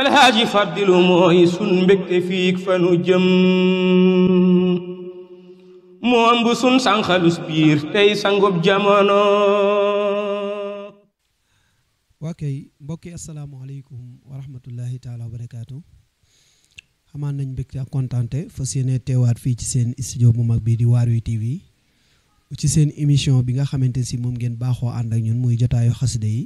alhaaji fàddilu mooy sun mbégte fiig fanu jëm moo ëmb sun sànqalus biir tey sangub jamono waa kay mbokki asalaamaaleykum wa rahmatullahi taala wa barakaatu xamaan nañ mbégte ak kontante fas yéene teewaat fii ci seen studio bu mag bi di Waar wi TV ci seen émission bi nga xamante si moom ngeen baaxoo ànd ak ñun muy jotaayu xasida yi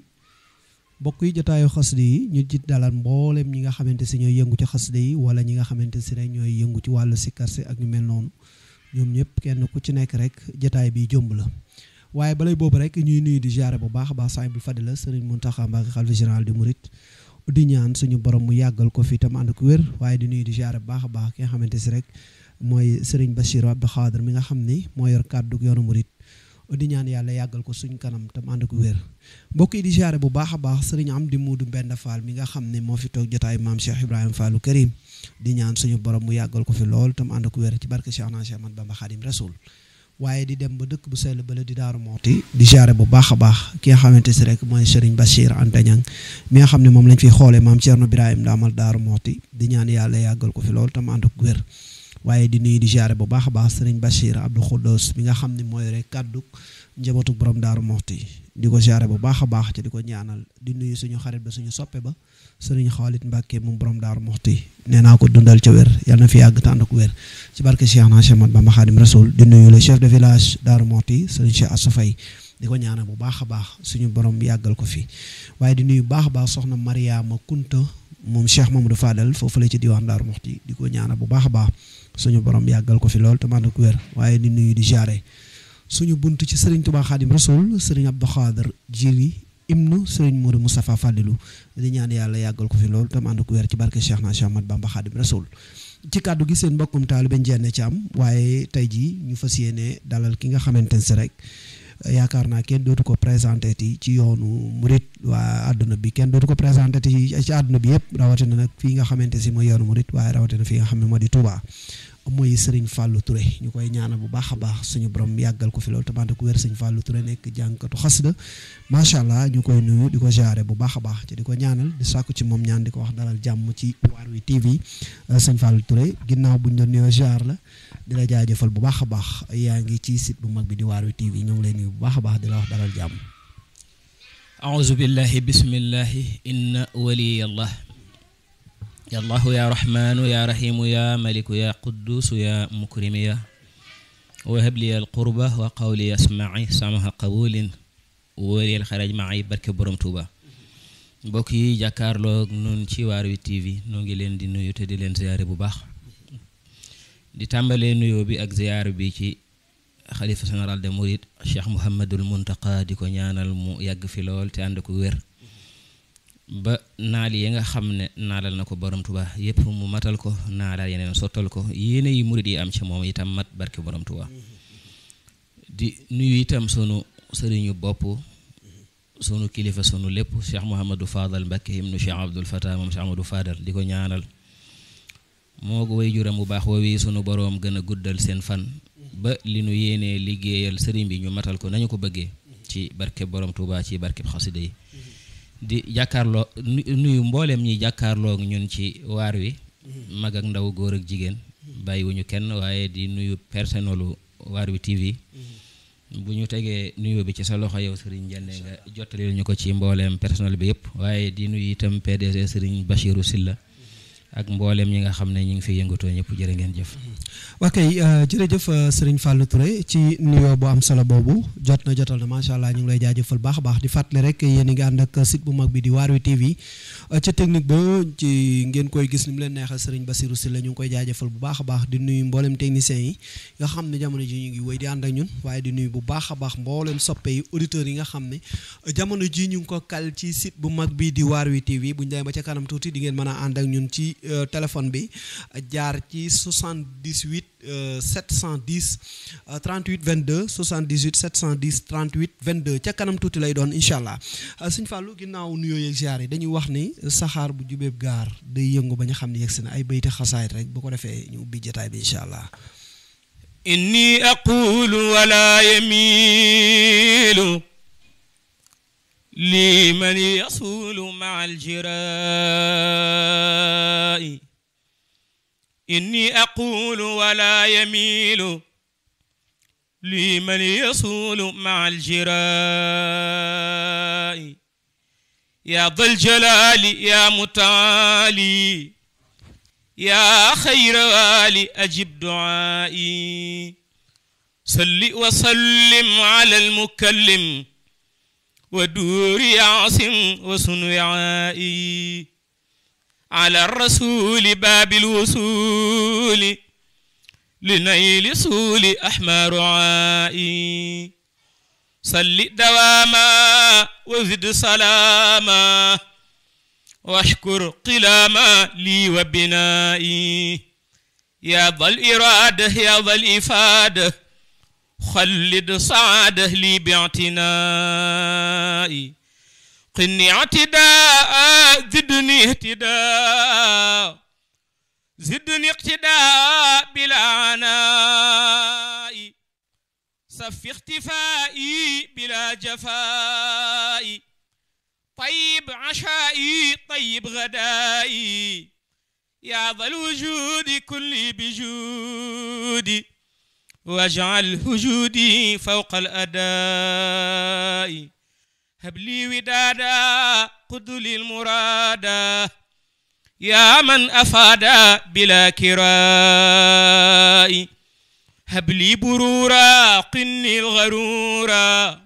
bokk yi jotaayu xasida yi ñu jiit dalal mboolem ñi nga xamante si ñooy yëngu ci xasida yi wala ñi nga xamante si ne ñooy yëngu ci wàllu si si ak ñu mel noonu ñoom ñëpp kenn ku ci nekk rek jataay bi jëmb la waaye balay boobu rek ñuy nuyu di jaare bu baax a baax sahibul fadila sëriñ Muntaxa Mbàkke xalifa général di murit di ñaan suñu borom mu yàggal ko fi tam ànd ko wér waaye di nuyu di jaare bu baax a baax ki nga xamante si rek mooy sëriñ Bachir Abdou Xaadir mi nga xam ni moo yor kàddu yoonu murit di ñaan yàlla yàggal ko suñ kanam tam ànd ko wér mbokk di siyaare bu baax a baax sëriñ am di muudu benn faal mi nga xam ne moo fi toog jotaayu maam Cheikh Ibrahima Fallou Karim di ñaan suñu borom mu yàggal ko fi lool tam ànd ko wér ci barke Cheikh Ahmadou Cheikh Ahmadou Bamba Khadim Rasoul di dem ba dëkk bu sell bala di daaru mooti di siyaare bu baax a baax ki nga xamante si rek mooy sëriñ Bachir Anta Niang mi nga xam ne moom lañ fiy xoolee maam seer Thierno Birahim daamal daaru mooti di ñaan yàlla yàggal ko fi lool tam ànd ko wér waaye di nuy di jaare bu baax a baax sëriñ Bachir Abdou Khoudous bi nga xam ne mooy rek kàddu njabootu borom daaru moxti di ko jaare bu baax a baax te di ko ñaanal di nuyu suñu xarit ba suñu soppe ba sëriñ Xaalit Mbàkke moom borom daaru moxti nee naa ko dundal ca wér yàlla na fi yàgg tànd ko wér ci barke Cheikh na Cheikh Ahmad Bamba Xaadim Rasul di nuyu le chef de village daaru moxti sëriñ Cheikh Assou Faye di ko ñaanal bu baax a baax suñu borom yàggal ko fi waaye di nuyu baax a baax soxna Mariama Kunta moom Cheikh Mamadou Fadal foofu la ci diwaan Daaru Muxti di ko ñaana bu baax a baax suñu borom yàggal ko fi lool te man ak wér waaye ni nuyu di jaare suñu bunt ci sëriñ Tuubaa Xaadim Rasuul sëriñ Abdou Xaadir Jili ibnu sëriñ Modou Moustapha Fàllilu di ñaan yàlla yàggal ko fi lool te man weer ci barke Cheikh na Cheikh Ahmad Bamba Xaadim Rasuul ci kàddu gi seen mbokkum taalibe ci am waaye tey jii ñu fas yéene dalal ki nga xamante ne si rek yaakaar naa kenn dootu ko présenté ti ci yoonu murit waa àdduna bi kenn dootu ko présenté ti ci àdduna bi yëpp rawatina nag fii nga xamante si mooy yoonu murit waaye rawatina fii nga xam ne moo di mooy sëriñ Fallou Touré ñu koy ñaanal bu baax a baax suñu borom yàggal ko fi loolu tamante ku wér sëriñ Fallou Touré nekk jànkatu xasida macha allah ñu koy nuyu di ko jaare bu baax a baax ci di ko ñaanal di sàkku ci moom ñaan di ko wax dalal jàmm ci Waarwi TV euh, sëñ Fallou Touré ginnaaw buñ la nuyoo jaar la di la jaajëfal bu baax a baax yaa ngi ci sit bu mag bi di Waarwi TV ñu ngi lay nuyu bu baax a baax di la wax dalal jàmm. aouzu billahi bismillahi inna waliyallah يا الله يا رحمن يا رحيم يا ملك يا قدوس يا مكرم يا وهب لي القربة وقولي اسمعي سمها قبول wóor yéen xaraj maa yi barke borom Touba mbokk yi jàkkaarloo nun ci Waarwi TV noo ngi leen di nuyu te di leen ziyaare bu baax di tàmbalee nuyoo bi ak ziyaar bi ci xalifa général de Mouride Cheikh Mouhamadul Mountakha di ko ñaanal mu yàgg fi lool te ànd ko wér ba naal yi nga xam ne naalal na ko borom tuba yépp mu matal ko naalal yeneen sottal ko yéene yi murid yi am ci moom itam mat barke borom tuba di nuyu itam sunu sëriñu bopp sunu kilifa sunu lépp Cheikh Mouhamadou Fadal Mbacké ibnu Cheikh Abdoul Fatah moom Cheikh Amadou Fadal di ko ñaanal moo ko way juram bu baax woowi sunu boroom gën a guddal seen fan ba li nu yéenee liggéeyal sëriñ bi ñu matal ko nañu ko bëggee ci barkeb borom tuba ci barkeb xasida di jàkkaarloo nuyu mbooleem ñi jàkkaarloo ñun ci waar wi mm-hmm. mag ak ndaw góor ak jigéen bàyyi mm-hmm. bàyyiwuñu kenn waaye di nuyu personnelu waar wi TV mm-hmm. bu ñu tegee nuyoo bi ci sa loxo yow Serigne Jenne nga jottalil ñu ko ci mbooleem personnel bi yëpp waaye di nuyu itam PDG Serigne Bachirou la ak mbooleem ñi nga xam ne ñu ngi fi yëngatoo ñëpp jërë ngeen jëf. Hmm. ok euh, jërëjëf euh, Serigne Fallou Touré ci nuyoo bu am solo boobu jot na jotal na macha allah ñu ngi lay jaajëfal baax a baax di fàttali rek yéen a ngi ànd ak site waar wi TV technique ba ngeen koy gis ni mu leen neexal Serigne Bassirou Sylla ñu ngi koy jaajëfal bu baax baax di nuy mboolem techniciens yi nga xam ne jamono ji ñu ngi wéy di ànd ak ñun waaye di nuyu bu baax a baax mboolem soppe yi auditeurs yi nga xam ne euh, jamono ji ñu ngi ko kal ci site bu mag bi di waar wi TV bu ñu demee ba ca kanam tuuti di ngeen mën a ànd ak ñun ci Euh, téléphone bi jaar ci 78 710 38 22 78 710 38 22 ca kanam tuuti lay doon incha allah euh, sëñ Fallou ginnaaw nuyoo yeeg ziar yi dañuy wax ni saxaar bu jubeeb gaar day yëngu ba ñu xam ne yegsi ay bayti xasaayit rek bu ko defee ñu ubbi jotaay bi incha allah. inni aqulu wala yamilu لمن يصول مع الجراء إني أقول ولا يميل لمن يصول مع الجراء يا ذا الجلال يا متعالي يا خير والي أجب دعائي صل وسلم على المكلم ودور يعصم وسن وعائي على الرسول باب الوصول لنيل سول أحمر عائي صل دواما وزد سلاما واشكر قلاما لي وبنائي يا ذا الإرادة يا ذا الإفادة خلد سعاده لي باعتنائي قني اعتداء زدني اهتداء زدني اقتداء بلا عناء سف اختفائي بلا جفائي طيب عشائي طيب غدائي يا ذا الوجود كلي بجودي واجعل وجودي فوق الأداء هب لي ودادا قد لي المرادا يا من أفاد بلا كراء هب لي برورا قني الغرورا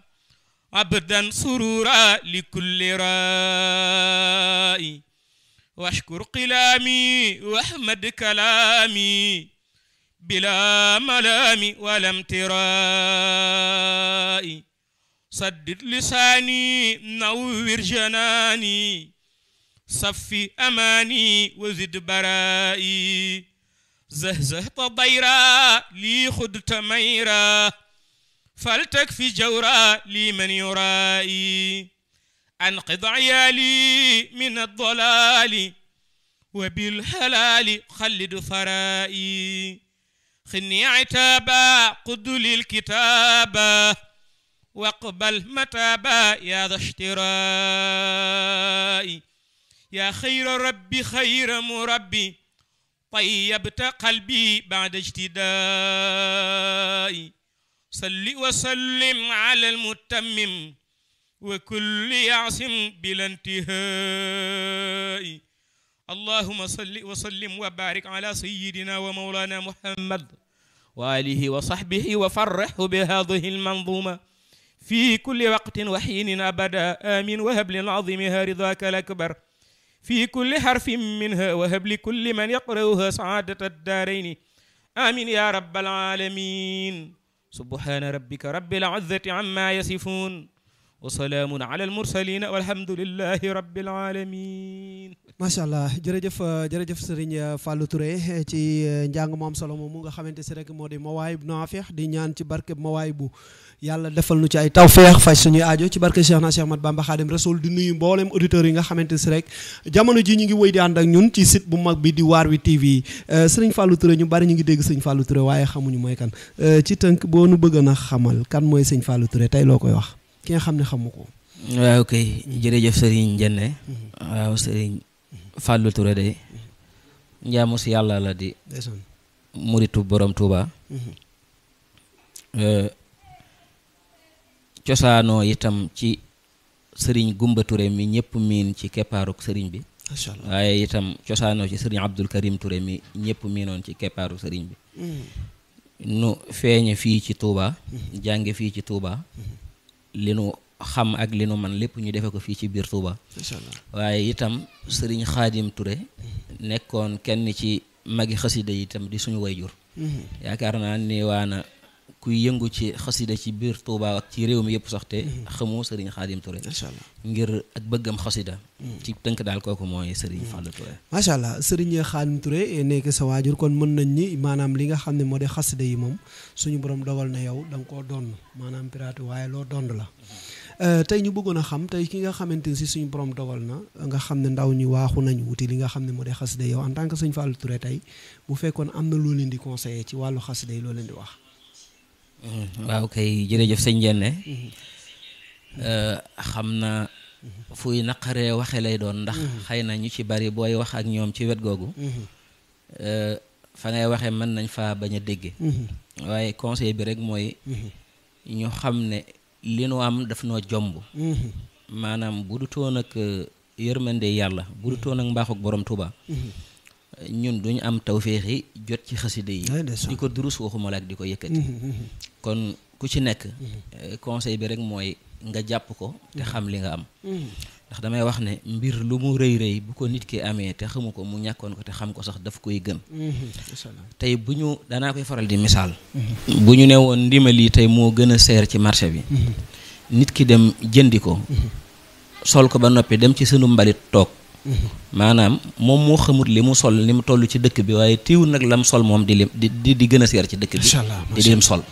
عبدا سرورا لكل راء واشكر قلامي واحمد كلامي bila malaami wala mtiraai saddid lisaani nawwir janaani saffi amaani wa zid baraa'i zahzahta dayra lii xud tamayra faltakfi jawra lii man yuraa'i anqid ayaali min addalaali wa bilhalaali xallid faraa'i xini citaaba quduli lkitaaba waqbal mataaba yaa da shtiraa'i yaa xayra rabbi xayra murabbi tayyabta qalbi bacda ijtidaa'i salli wa sallim ala almutammim wa kulli yaasim bila intihaa'i allahumma salli wa sallim wa baarik ala sayyidina wa mawlaana muhammad wa alihi wa sahbihi wa farrahu bi hadihi almanzuma fi kulli waqtin wa xiinin abada amin wa hab lil azimiha ridaka al akbar fi kulli harfin minha wa hab li kulli man yaqra'uha saadat addaarayni amin ya rabbal alamin subhana rabbika rabbil izzati amma yasifun wa salaamun ala al mursalin walhamdulillahi rabbil alamin macha allah jërëjëf jërëjëf sëriñ fàllu Touré ci njàng mu am solo moom mu nga xamante si rek moo di mawaay bu naafeex di ñaan ci barke mawaay bu yàlla defal nu ci ay tawfeex faj suñuy aajo ci barke Cheikh na Cheikh Mat Bamba Xaadim Rasul di nuyu mboolem auditeurs yi nga xamante si rek jamono ji ñu ngi wéy di ànd ak ñun ci site bu mag bi di waar wi TV eh, sëriñ Fallou ture ñu bari ñu ngi dégg sëriñ fàllu ture waaye xamuñu mooy kan eh, ci tënk boo nu bëgg na xamal kan mooy sëriñ Fallou Touré tey loo koy wax ki nga xam ne xamu ko. waaw kay jërëjëf sëriñ Jenne. Mm-hmm. waaw Serigne Fallou Touré de. Mm-hmm. njaamu si yàlla la di. muritu borom Touba. Mm-hmm. cosaanoo itam ci sëriñ Gumba Touré mi ñëpp miin ci keppaaruk sëriñ bi. macha waaye itam cosaanoo ci sëriñ Abdul Karim Touré mi ñëpp miinoon ci keppaaruk sëriñ bi. nu feeñe fii ci tuuba jànge fii ci Touba. li nu xam ak li nu man lépp ñu defe ko fii ci biir Touba waaye itam sëriñ Xaadim ture nekkoon kenn ci magi xasida yi itam di suñu wayjur mm-hmm. yaakaar naa ni waana kuy yëngu ci xasida ci biir Touba ak ci réew mi yëpp sax te mm-hmm. xamoo Serigne Khadim Touré. macha allah ngir ak bëggam xasida mm-hmm. ci tënk daal kooku mooy Serigne mm-hmm. Fallou Touré. macha allah Serigne Khadim Touré eh, nekk sa waajur kon mën nañ ni maanaam li nga xam ne moo de xasida yi moom suñu borom dogal na yow da nga koo donn maanaam piraatu waaye loo dond la. Eh, tey ñu bëggoon a xam tey ki nga xamante ni si suñu borom dogal na nga xam ne ndaw ñi waaxu nañu wuti li nga xam ne moo de xasida yow en tant que Serigne Fallou tey bu fekkoon am na loo leen di conseillé ci wàllu xasida yi loo leen di wax Mm-hmm. waaw kay jërëjëf sëñ Diéne mm-hmm. uh, xam na mm-hmm. fuy naqaree waxe lay doon ndax xëy na ñu ci bari booy wax ak ñoom ci wet googu uh, fa ngay waxe mën nañ fa bañ a dégge waaye conseil bi rek mooy ñu xam ne li nu am daf noo jomb maanaam bu du toon ak uh, yërmande yàlla bu du toon ak mbaaxuk borom Tuuba ñun duñu am tawféexi jot ci xasida yi eh, di ko durus waxuma la ak di ko yëkkati mm-hmm, mm-hmm. kon ku ci nekk mm-hmm. eh, conseil bi rek mooy nga jàpp ko te xam li nga am ndax damay wax ne mbir lu mu rëy rëy bu ko nit ki amee te xamu ko mu ñàkkoon ko te xam ko sax daf koy gën tey bu ñu danaa koy faral di misaal bu ñu ne woon ndimali tey moo gën a seer ci marché bi nit ki dem jëndi ko sol ko ba noppi dem ci sunu mbalit toog maanaam moom moo xamut li mu sol li mu toll ci dëkk bi waaye tiw nag lam sol moom di lim di di gën a seer ci dëkk bi di lim sol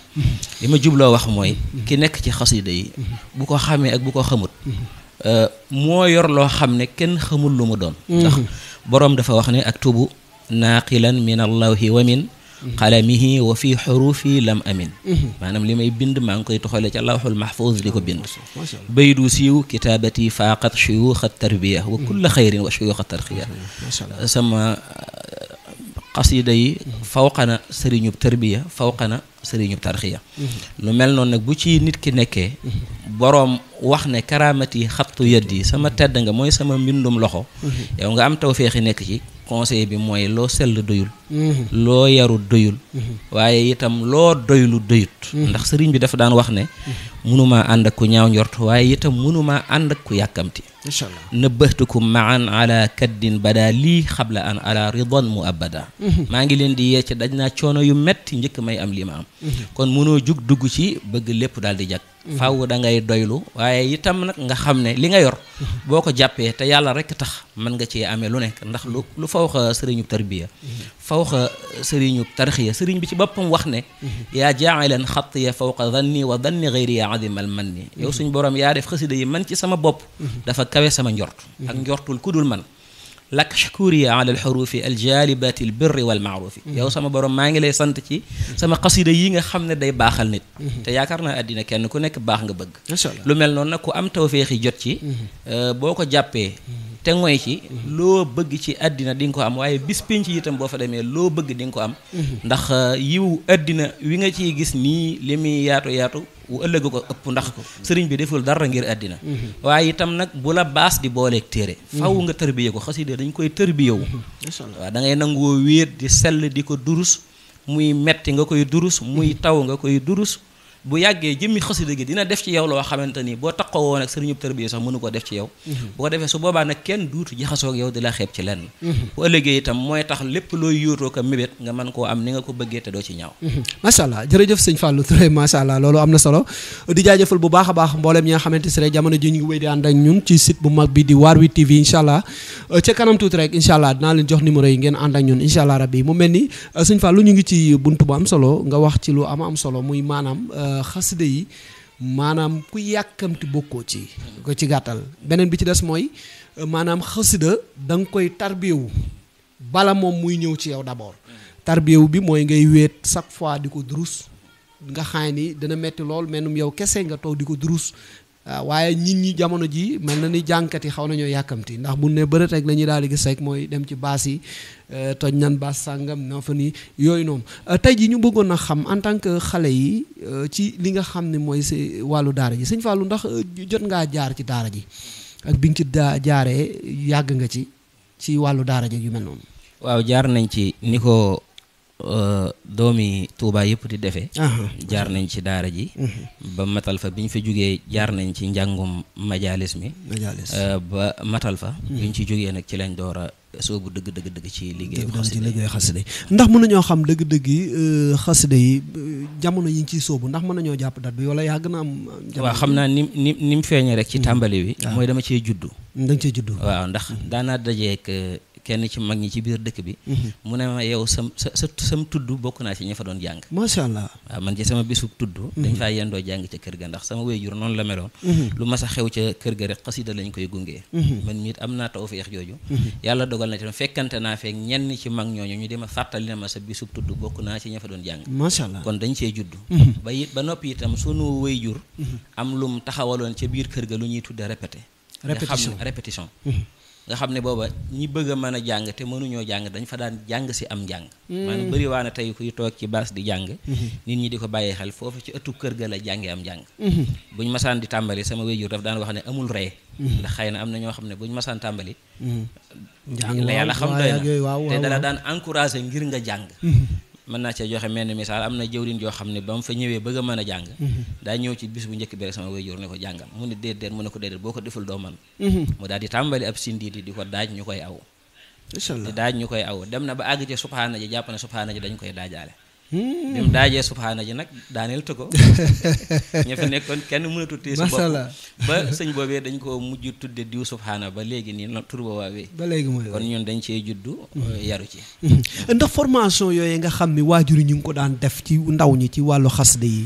li ma jubloo wax mooy mm-hmm. ki nekk ci xasida yi mm-hmm. bu ko xamee ak bu ko xamut mm-hmm. euh, moo yor loo xam ne kenn xamul lu mu doon ndax boroom dafa wax ne ak tubu naaqilan min allahi wa min xalamihi wa fi xurufi lam amin mhm. maanaam li may bind maa ngi koy toxale ca lawxul mahfuz di ko bind baydu siiw kitaabati faaqat shuyuxa tarbiya wa kulla xayrin wa shuyuxa tarxiya sama xasida uh, yi fawqana sëriñub tarbiya fawqana sëriñub tarxiya mhm. lu mel noon nag bu ci nit ki nekkee mhm. boroom wax ne karaamati xattu yaddi sama tedd nga mooy sama mbindum loxo yow nga am tawféexi nekk ci conseil bi mooy loo sell doyul mhm. loo yaru doyul mhm. waaye itam loo doylu doyut mhm. ndax sëriñ bi dafa daan wax ne mënumaa ànd ak ku ñaaw njort waaye itam mënumaa ànd ak ku yàkkamti inchallah nëbbatukum ala kaddin bada lii xabla an ala ridan mu abada maa ngi leen di yee ci daj naa coono yu metti njëkk may am li ma am kon mënoo jug dugg ci bëgg lépp daal di jag faaw da ngay doylu waaye itam nag nga xam ne li nga yor boo ko jàppee te yàlla rek tax mën nga cee amee lu nekk ndax lu lu faw xa sëriñub tarbiya faw xa sëriñub ya sëriñ bi ci boppam wax ne yaa jaa'ilan xattiya fawqa danni wa danni gayri ya adimal man ni yow suñ borom yaa def xasida yi man ci sama bopp dafa kawe sama njort ak njortul ku man lak shakuriya ala alxurufi aljaalibati albirri walmaarufi mhm. yow sama borom maa ngi lay sant ci sama xasida yi nga xam ne day baaxal nit mhm. te yaakaar naa àddina kenn ku nekk baax nga bëgg lu mel noon na ku am tawféexi jot ci mhm. euh, boo ko jàppee te ngoy ci loo bëgg ci àddina di nga ko am waaye bis pénc itam boo fa demee loo bëgg di ko am mhm. ndax euh, yiw àddina wi nga ci gis nii li muy yaatu yaatu wu ëllëg ko ëpp ndax ko sëriñ bi deful dara ngir àddina mhm. waaye itam nag bu la baas di booleeg téere mhm. faw nga tërbiye ko xasida dañ koy tërbiyewu waaw da ngay nangoo wéet di sell di ko durus muy metti nga koy durus muy taw nga koy durus bu yàggee jëmmi xasida gi dina def ci yow loo xamante ni boo taqoo woon ak sëriñub tërbiya sax mënu ko def ci yow mhm. bu ko defee su boobaa nag kenn duutu jaxasoog yow di la xeeb ci lenn mhm. bu ëllëgee itam mooy tax lépp looy yóotoo ko mébét nga mën koo am ni nga ko bëggee te doo ci ñaaw mhm. macha allah jërëjëf sëñ Fallou Touré macha allah loolu am na solo di jaajëfal bu baax a baax mbooleem ñi nga xamante si rek ñu ngi ci site bu euh, yi ngeen ànd ak ñun incha allah rabbi mu euh, am solo nga wax ci lu am xasida yi maanaam ku yàkkamti bokkoo ci ko ci gàttal beneen bi ci des mooy maanaam xasida da nga koy tarbiyewu bala moom muy ñëw ci yow d'abord tarbiyewu bi mooy ngay wéet chaque fois di ko durus nga xaay ni dana metti lool mennum yow kese nga toog di ko durus waaw waaye nit ñi jamono ji mel na ni jànkat yi xaw nañoo yàkkamti ndax bu ne bërët rek la ñuy daal di gis rek mooy dem ci baas yi euh, toj nan baas sàngam na fa ni yooyu noonu euh, tey ji ñu bëggoon na xam en tant que xale yi euh, ci li nga xam ne mooy si wàllu daara ji sëñ Fallou ndax jot ngaa jaar ci daara ji ak bi nga jaaree yàgg nga ci ci wàllu daara ji yu mel noonu. waaw jaar nañ ci ni ko Euh, doomi Touba yëpp di defee jaar nañ ci daara ji mhm. ba matal fa bi ñu fa jógee jaar nañ ci njàngum majalis mi euh, ba matal fa mhm. bi ñu ci jógee nag ci lañ door a soobu dëgg dëgg dëgg ci liggéeyu xasida yi ndax mën nañoo xam dëgg dëgg yi euh, xasida yi jamono yi ngi ciy soobu ndax mën nañoo jàpp dat bi wala yaa gën a am waaw xam naa ni ni ni mu feeñee rek ci mhm. tàmbali wi ah. mooy dama cee juddu waaw ndax daanaa dajeek kenn ci mag ñi ci biir dëkk bi mhm. mu ne ma yow sam sa sa sam tudd bokk naa ci ña fa doon jàng macha allah mhm. la meloon mhm. lu mas a xew ca kër ga rek xasida lañ koy gungee man miit am naa tawfeex jooju yàlla dogal na tam fekkante naa feek na ma sa bisub tudd bokk naa ci ña fa doon jàng macha allah kon dañ cee judd ba it ba noppi itam sunu wéyjur am lum taxawaloon ca biir kër ga lu ñuy tudde répété répétition nga xam ne booba ñi bëgg a mën a jàng te mënuñoo jàng dañ fa daan jàng si am njàng hmm. maanaam bëri waa na tey kuy toog ci baas di jàng hmm. nit ñi di ko bàyyi xel foofu ci ëttu kër ga la jàngee am njàng hmm. buñ masaan di tàmbali sama wéjur daf daan wax ne amul ree ndax xëy na am na ñoo xam ne buñ masaan tàmbali la yàlla xam doy na te dala daan encouragé ngir nga jàng mën naa cee joxe mel ni misaal am na jëwriñ joo xam ne ba mu fa ñëwee bëgg a mën a jàng mm-hmm. daa ñëw ci bis bu njëkk bi rek sama way jur ne ko jàngal mu ne déet déet mu ne ko déedéet boo ko deful doo mm-hmm. mu daal di tàmbali ab sindiidi di ko daaj ñu koy aw di daaj ñu koy aw dem na ba àgg ci subhaana ji jàpp ne subhaana ji dañ koy daajaale Hmm. bi mu daajee ji nag daaneel të ko ña fi nekkoon kenn mënatu tee si bopp ba sëñ boobee dañ ko mujj tudde diw subhaana ba léegi nii na tur ba léegi mooy kon ñun dañ cee juddu hmm. Hmm. yaru ci ndax formation yooyu nga xam ne waajur yi ñu ngi ko daan def ci ndaw ñi ci wàllu xasde yi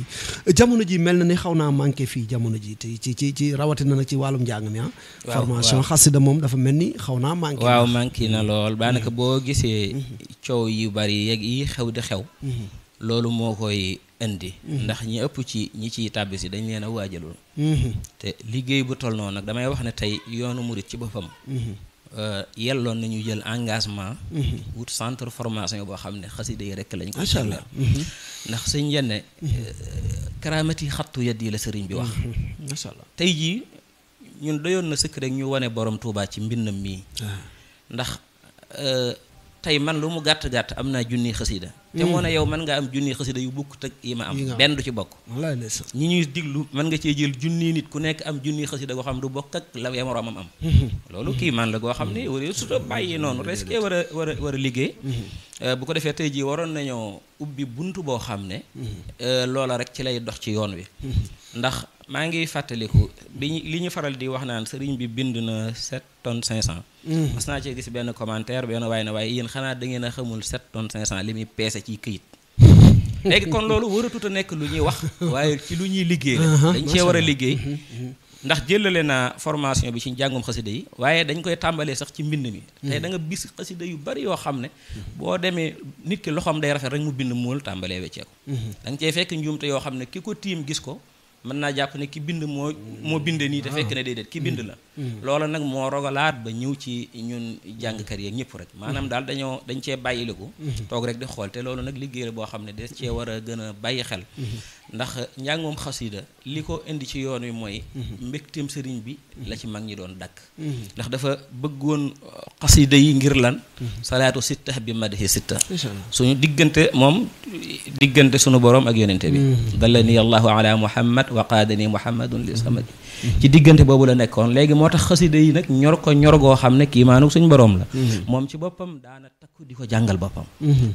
jamono ji mel na ni xaw naa manqué fii jamono ji te ci ci ci rawatina nag ci wàllum njàng mi ah formation xasida moom dafa mel ni xaw naa manqué waaw manqué na lool daanaka boo gisee coow yu bari yeeg yi xew di xew loolu moo koy indi mm-hmm. ndax ñi ëpp ci ñi ciy tàbbi si dañ leen a waajalul mm-hmm. te liggéey bu toll noonu nag damay wax ne tey yoonu murit ci boppam mm-hmm. euh, yelloon nañu jël engagement wut centre formation boo xam ne xasida yi rekk lañ ko macha allah ndax sëñ Jenne euh, karaamati xattu yat la sëriñ bi wax macha allah tey jii ñun doyoon na sëkk rek ñu wane borom Touba ci mbindam mii ah. ndax euh, tey man lu mu gàtt gàtt am naa junni xasida te hmm. moo ne yow mën nga am junni xasida yu bokkut ak yi ma am benn du ci bokk ñi ñuy diglu mën nga cee jël junni nit ku nekk am junni xasida goo xam du bokk ak la ya am hmm. loolu kii man la goo xam ne hmm. war suta bàyyi noonu reskee war euh, ko defee tey jii waroon nañoo ubbi bunt boo xam ne euh, loola rek ci lay dox ci yoon wi ndax maa ngi fàttaliku bi ñu li ñu faral di wax naan sëriñ bi bind na 7 tonnes 500. Mm. mas naa cee gis benn commentaire benn waay na waaye yéen xanaa da ngeen a xamul ton tonnes 500 li muy peese ci këyit. léegi kon loolu waratut a nekk lu ñuy wax. waaye ci lu ñuy liggéey la. Uh-huh. dañ cee war a liggéey. Mm-hmm, mm-hmm. ndax jëlale naa formation bi ci njàngum xasida yi waaye dañ koy tàmbalee sax ci mbind mi mm. tey da nga bis xasida yu bari yoo xam ne boo demee nit ki loxoom day rafet rek mu bind muul tàmbalee wecceeku mm-hmm. da nga cey fekk njuumte yoo xam ne ki ko tiim gis ko mën naa jàpp ne ki bind moo moo binde nii te fekk ne déedéet ki bind la loola nag moo rogalaat ba ñëw ci ñun jàngkat yeeg ñëpp rek maanaam daal dañoo dañ cee bàyyile ko mhm. toog rek di xool te loolu nag liggéey la boo xam ne des cee war a gën a bàyyi xel mhm. ndax njàngoom xasida li ko indi ci yoon wi mooy mhm. mbégteem sëriñ bi mhm. la ci mag ñi doon dakk mhm. ndax dafa bëggoon uh, xasida yi ngir lan salaatu sitta bi madhi sitta suñu diggante moom diggante suñu borom ak yonante bi dallani allahu ala muhammad wa qaadani muhammadun li samadi ci diggante boobu la nekkoon léegi moo tax xasida yi nag ñor ko ñor goo xam ne kiimaanu suñu borom la moom ci boppam daana takku di ko jàngal boppam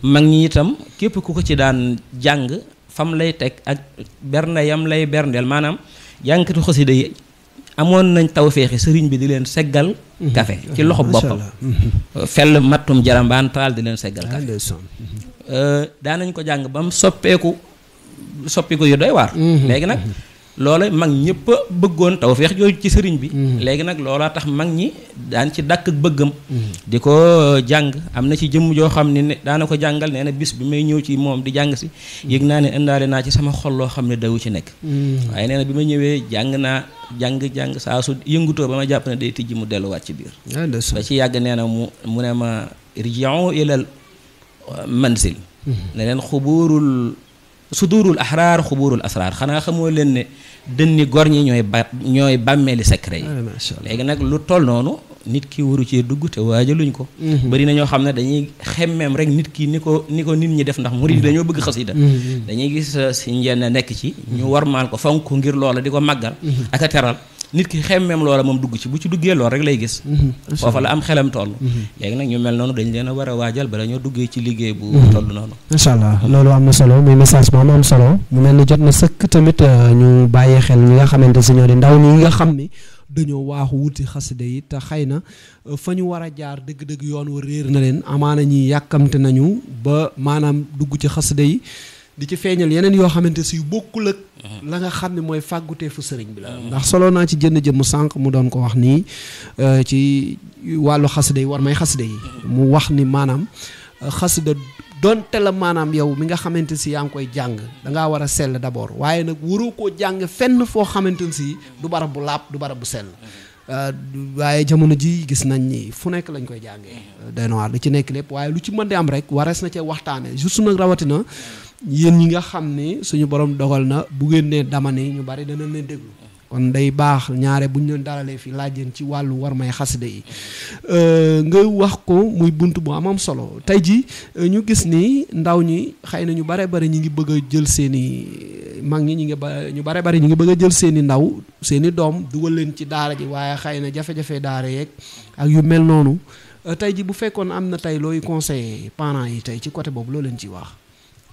mag ñi itam képp ku ko ci daan jàng fam lay teg ak bernde yam lay berndeel maanaam jànkatu xasida yi amoon nañ tawféexi sëriñ bi di leen seggal mhm. kafe ci loxo boppam mhm. fell mattum jarambaan taal di leen seggal ah, kafe euh, daanañ ko jàng ba mu soppeeku soppiku yu doy waar mhm. léegi nag loola mag ñëpp a taw tawféex jooju ci sëriñ bi mm-hmm. léegi nag loolaa tax mag ñi daan ci dàkk ak bëggam mm-hmm. di ko euh, jàng am na ci jëmm joo xam ne daana ko jàngal nee na bis bi may ñëw ci moom di jàng si mm-hmm. yéeg naa ne indaale naa ci sama xol loo xam ne dawu ci nekk waaye nee bi ma ñëwee jàng naa jàng-jàng saa su yëngutoo ba ma jàpp na day tijji mu delluwaat ci biir ah, da ci yàgg nee na mu mu ne ma rijion ilal manzil ne leen xubuurul sudurul ahraar xuburul asraar xanaa xamoo leen ne dënni gor ñi ñooy ba ñooy bàmmeeli secret yi ah, léegi nag lu toll noonu nit ki waru cee dugg te waajaluñ ko mhm. bari na ñoo xam ne dañuy xemmeem rek nit ki ni ko ni ko nit ñi def ndax murid dañoo bëgg xasida mhm, mhm. dañuy gis uh, si njenn nekk ci ñu warmaal ko fonk ngir loola di ko màggal ak teral nit ki xemmeem loola moom dugg ci bu ci duggee lool rek lay gis mhm. foofa la am xelam toll mhm. léegi nag ñu mel noonu dañ leen a war a waajal bala ñoo duggee ci liggéey bu mhm. toll noonu incha allah loolu am na solo muy message bu am am solo mu mel ni jot na sëkk tamit euh, ñu bàyyee xel ñi nga xamante si ñoo di ndaw ñi nga xam ni dañoo waaxu wuti xasida yi te xëy na euh, fa ñu war a jaar dëgg-dëgg yoon wa réer na leen amaana ñi yàkkamte nañu ba maanaam dugg ci xasida yi di ci feeñal yeneen yoo xamante si yu bokkul ak mhm. la nga xam ne mooy fu sëriñ bi la mhm. ndax solo naa ci jënd jëmm sànq mu doon ko wax nii euh, ci wàllu xasida yi war may xasida yi mhm. mu wax ni maanaam euh, xasida donte la maanaam yow mi nga xamante si yaa ngi koy jàng da ngaa war a sell d'abord waaye nag waroo koo jàng fenn foo xamante si du barab bu làpp du barab bu sell Euh, waaye jamono ji gis nañ ni fu nekk lañ koy jàngee euh, doy na li ci nekk lépp waaye lu ci mën di am rek warees na cee waxtaane juste nag rawatina yéen ñi nga xam ni suñu borom dogal na bu ngeen ne dama ne ñu bari dana leen déglu kon day baax ñaare bu ñu leen dalalee fi laaj leen ci wàllu war may xasida yi euh, nga wax ko muy bunt bu am solo tey ji euh, ñu gis ni ndaw ñi xëy na ñu bare bari ñi ngi bëgg a jël seen i mag ñi ñi ngi ba ñu bare bari ñu ngi bëgg a jël seen i ndaw seen i doom dugal leen ci daara ji waaye xëy na jafe-jafe daara yeeg ak yu mel noonu euh, tey ji bu fekkoon am na tey looy conseillé parents yi tey ci côté boobu loo leen ci wax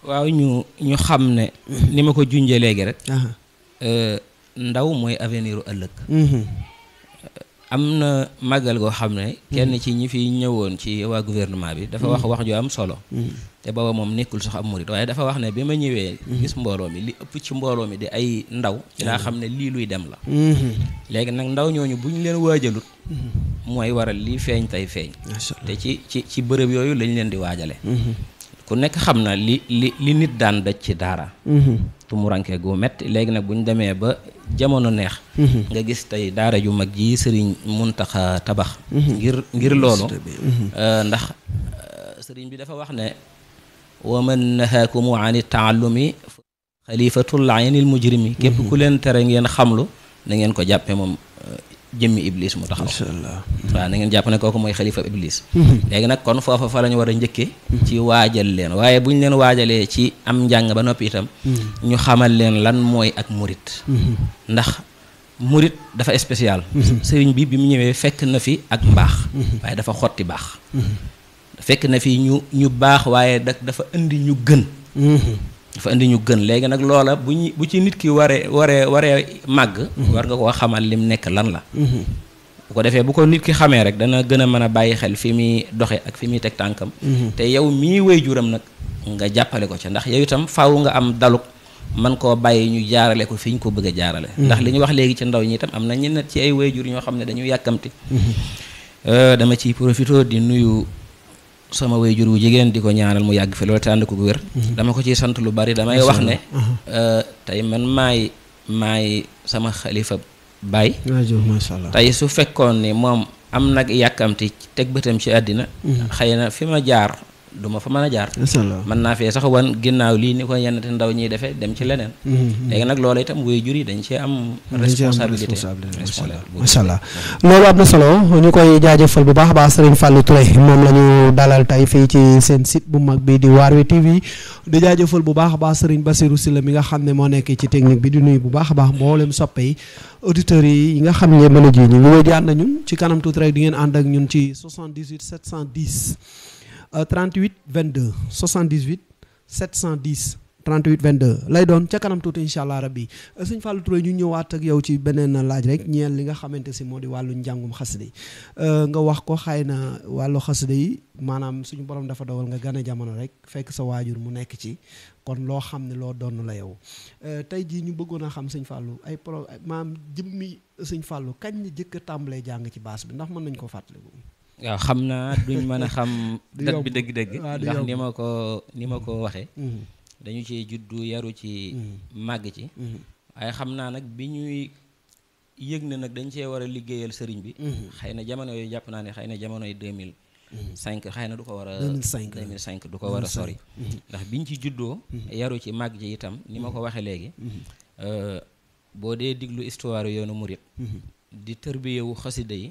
waaw ñu ñu xam ne ni ma ko junjee léegi rek ndaw mooy avenir u ëllëg mhm. am na màggal goo xam ne kenn mhm. ci ñi fi ñëwoon ci waa gouvernement bi dafa wax mhm. wax ju am solo te booba moom nekkul sax am murit waaye dafa wax ne bi ma ñëwee gis mbooloo mi li ëpp ci mbooloo mi di ay ndaw dinaa xam ne lii luy dem la léegi nag ndaw ñooñu bu ñu leen waajalut mooy waral lii feeñ tey feeñ te ci ci ci bërëb yooyu lañ leen di waajale ku nekk xam na li li li nit daan daj ci daara mm-hmm. tumuranke gu metti léegi nag bu ñu demee ba jamono neex mm-hmm. nga gis tey daara ju mag ji sëriñ mun Muntaxa tabax mm-hmm. ngir ngir loolu euh, ndax euh, sëriñ bi dafa wax ne wa man nahaakumu ani taallumi xalifatul aynil mujrimi képp ku leen tere ngeen xamlu na ngeen ko jàppe moom jëmmi iblis mu taxaw incha allah waaw jàpp ne kooku mooy xalifa iblis hmm. léegi nag kon foofa fa la ñu war a njëkkee hmm. ci waajal leen waaye bu ñu leen waajalee ci am njàng ba noppi itam hmm. ñu xamal leen lan mooy ak murit ndax murit dafa spécial sëriñ bi bi mu ñëwee fekk na fi ak mbaax waaye dafa xotti baax fekk na fi ñu ñu baax waaye da dafa indi ñu gën dafa indi ñu gën léegi nag loola bu ñu bu ci nit ki waree waree waree màgg. Mhm. war nga koo xamal lim nekk lan la. Mhm. bu ko defee bu ko nit ki xamee rek dana gën a mën a bàyyi xel fi muy doxe ak fi muy teg tànkam. Mhm. te yow mii way juram nag nga jàppale ko ca ndax yow itam faw nga am daluk man koo bàyyi ñu jaarale ko fi ñu ko bëgg a jaarale. ndax li ñu wax léegi ci ndaw ñi itam am na ñenn ci ay way jur ñoo xam ne dañu yàkkamti. Euh, dama ciy profité di nuyu sama waajur wu jigéen di ko ñaanal mu yàgg fi loolu te ànd ko wér. Mhm. dama ko ciy sant lu bari damay wax ne. Euh, tey man maay maay sama xalifa baay. macha tey su fekkoon ni moom am nag yàkkamti teg bëtam ci àddina. Mhm. xëy na fi ma jaar. duma fa man a jaar man naa fee sax wan ginnaaw lii ni ko yenn te ndaw ñiy defee dem ci leneen mm-hmm. léegi nag loolu itam wéy dañ cee am responsabilité macha allah loolu am na solo ñu koy jaajëfal bu baax baax Serigne Fallou Touré moom la ñu dalal tey fii ci seen site bu mag bi di Waarwi TV di jaajëfal bu baax baax Serigne Bassirou Sylla mi nga xam ne moo nekkee ci technique bi di nuyu bu baax baax mboolem soppe yi auditeurs yi nga xam ne mën a ji ñu ñu wéy di ànd ñun ci kanam tuuti rek di ngeen ànd ak ñun ci 78 38 22 78 710 38 22 lay doon ca kanam tuuti incha allah rabbi euh, suñ fàllu Touré ñu ñëwaat ak yow ci beneen laaj rek ñeel li nga xamante si moo di wàllu njàngum xasida yi euh, nga wax ko xay na wàllu xasida yi maanaam suñu borom dafa dogal nga gane jamono rek fekk sa waajur mu nekk ci kon loo xam ne loo doon la yow euh, tey jii ñu bëggoon a xam suñ fàllu ay pro maam jëmmi suñ Fallou kañ la jëkk a jàng ci baas bi ndax mën nañ ko fàttaliku. waaw xam naa duñ mën a xam dat bi dëgg-dëgg ah, ndax ni ma ko ni ma ko waxee mm-hmm. dañu ci juddu yaru ci mm-hmm. màgg ci mm-hmm. waaye xam naa nag bi ñuy yëg na nag dañ cee war a liggéeyal sëriñ bi xëy na jamono yooyu jàpp naa ne xëy na jamono yi 2005 xëy na du ko war a 2005 du ko war a sori ndax biñ ci juddoo yaru ci màgg ci itam ni ma ko waxe léegi euh, boo dee diglu histoire yoonu murit di tërbiyewu xasida yi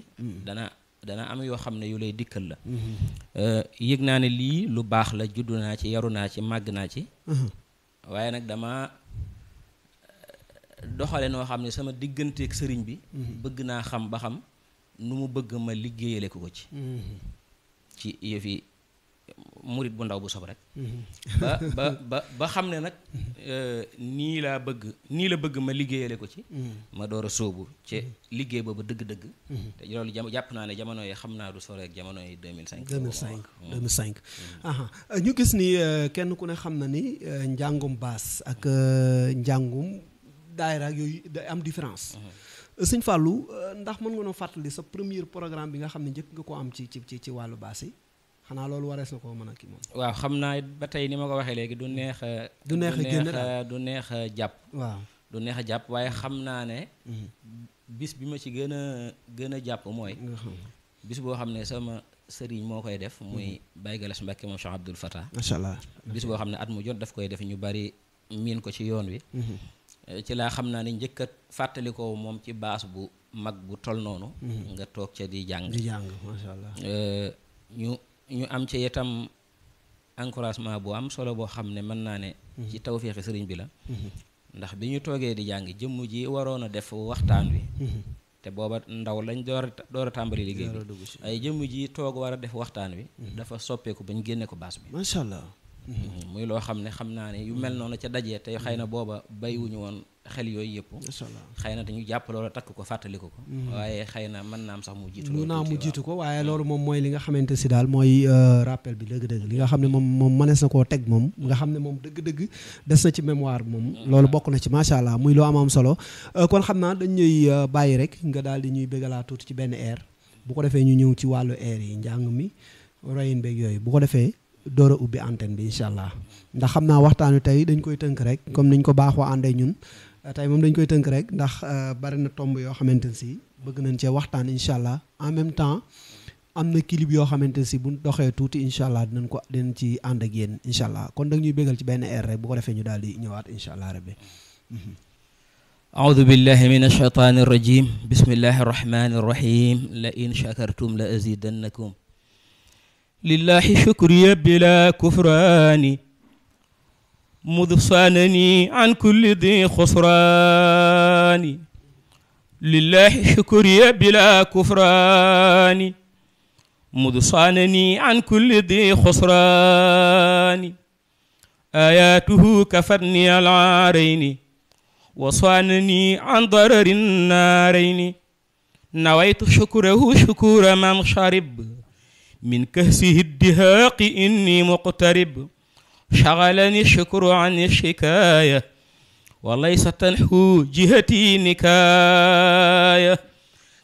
dana dana am yoo xam ne yu lay dikkal la mhm. euh, yëg naa ne lii lu baax la juddu naa ci yaru naa ci màgg naa ci mhm. waaye nag dama euh, doxale noo xam ne sama digganteeg sëriñ bi mhm. bëgg naa xam ba xam nu mu bëgg ma liggéeyale ko ko ci ci yëfi murit bu ndaw bu sob rek mm-hmm. ba ba ba xam ne nag euh, nii laa bëgg nii la bëgg ma liggéeyale ko ci mm-hmm. ma door a sóobu ci mm-hmm. liggéey boobu dëgg-dëgg te loolu jàpp naa ne jamono yi xam naa du sore ak jamono yi 2005 2005 2005 aha euh, ñu gis ni euh, kenn ku ne xam na ni njàngum baas ak njàngum daayira ak yooyu day am différence sëñ Fallou ndax mën nga noo fàttali sa premier programme bi nga xam ne njëkk nga ko am ci ci ci wàllu baas yi xanaa loolu warees na ko mën a kii moom. waaw xam naa ba tey ni ma ko waxee léegi du neex du neex a du neex jàpp. waaw du neex a jàpp waaye xam naa ne. Mhm. bis bi ma ci gën a gën a jàpp mooy. bis boo xam ne sama sëriñ moo koy def. Mhm. muy Baye Galas Mbacke moom Cheikh Abdoul Fatah. macha allah bis boo xam ne at mu jot daf koy def ñu bari miin ko ci yoon wi. Mhm. Eh, ci laa xam naa ne njëkk a fàttalikoo moom ci baas bu mag bu tol noonu. nga toog ca di jàng. di jàng macha allah eh, ñu. ñu am ci itam encouragement bu am solo boo xam ne mën naa ne mhm. ci tawféexi sëriñ bi la mhm. ndax bi ñu toogee di jàng jëmm ji waroon a def waxtaan wi mhm. te booba ndaw lañ door door a tàmbali liggéey bi ay jëmm ji toog war a def waxtaan wi dafa soppeeku ba ñu génne ko baas bi macha allah muy loo xam ne xam naa ne yu mel noonu ca dajee te xëy na booba bayiwuñu woon xel yooyu yëpp xëy na dañu jàpp loolu takk ko fàttaliku ko mm-hmm. waaye xëy na mën am sax mu jiitu mun mu jiitu ko waaye mm-hmm. loolu moom mooy li nga xamante si daal mooy euh, rappel bi dëgg-dëgg li nga xam ne moom moom mënees na koo teg moom nga xam ne moom dëgg-dëgg des na ci mémoire moom mm-hmm. loolu bokk na ci macha allah muy lu am am euh, kon xam naa dañ ñuy euh, bàyyi rek nga daal di ñuy bégalaa tuuti ci benn air bu ko defee ñu ñëw ci wàllu air yi njàng mi royin beeg yooyu bu ko defee door ubbi antenne bi incha allah ndax xam naa waxtaanu tey dañ koy tënk rek comme niñ ko baaxoo àndee ñun tey moom dañ koy tënk rek ndax euh, bari na tomb yoo xamante ne si bëgg nañ cee waxtaan incha allah en même temps am na clip yoo xamante ne si bu doxee tuuti incha allah dinañ ko dinañ ci ànd ak yéen incha kon nag ñuy bégal ci benn air rek bu ko defee ñu daal di ñëwaat incha allah rabbi أعوذ بالله من الشيطان الرجيم بسم الله الرحمن الرحيم لئن شكرتم لأزيدنكم لله شكري بلا كفران mudu saanani an kulli di xusraani lillahi shukriya bila kufraani mudu saanani an kulli di xusraani ayatuhu kafatni alaarayni wa saanani an darari naarayni nawaytu shukurahu shukura man sharib min kahsihi ddihaaqi inni muqtarib شغلني الشكر عن الشكاية وليس تنحو جهتي نكاية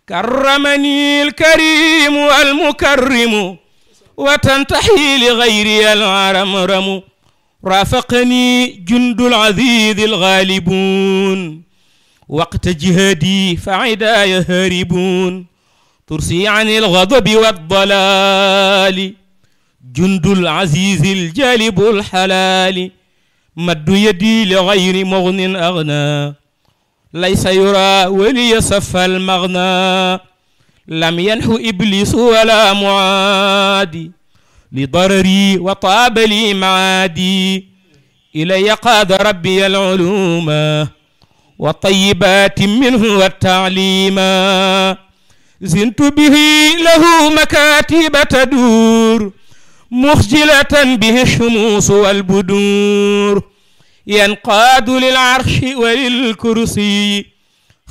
كرمني الكريم والمكرم وتنتحي لغيري العرمرم رافقني جند العزيز الغالبون وقت جهادي فعداي هاربون ترسي عن الغضب والضلال jundul azizil jalibul xalaali maddu yadi li gayri mugnin agna laysa yura waliya safal magna lam yanxu iblisu wala muaadi li darari wa taaba li maadi ilaya qaada rabbi aluluma wa tayibaati minhu wa taalima zintu bihi lahu makatiba tadur مخجلة به الشموس والبدور ينقاد للعرش وللكرسي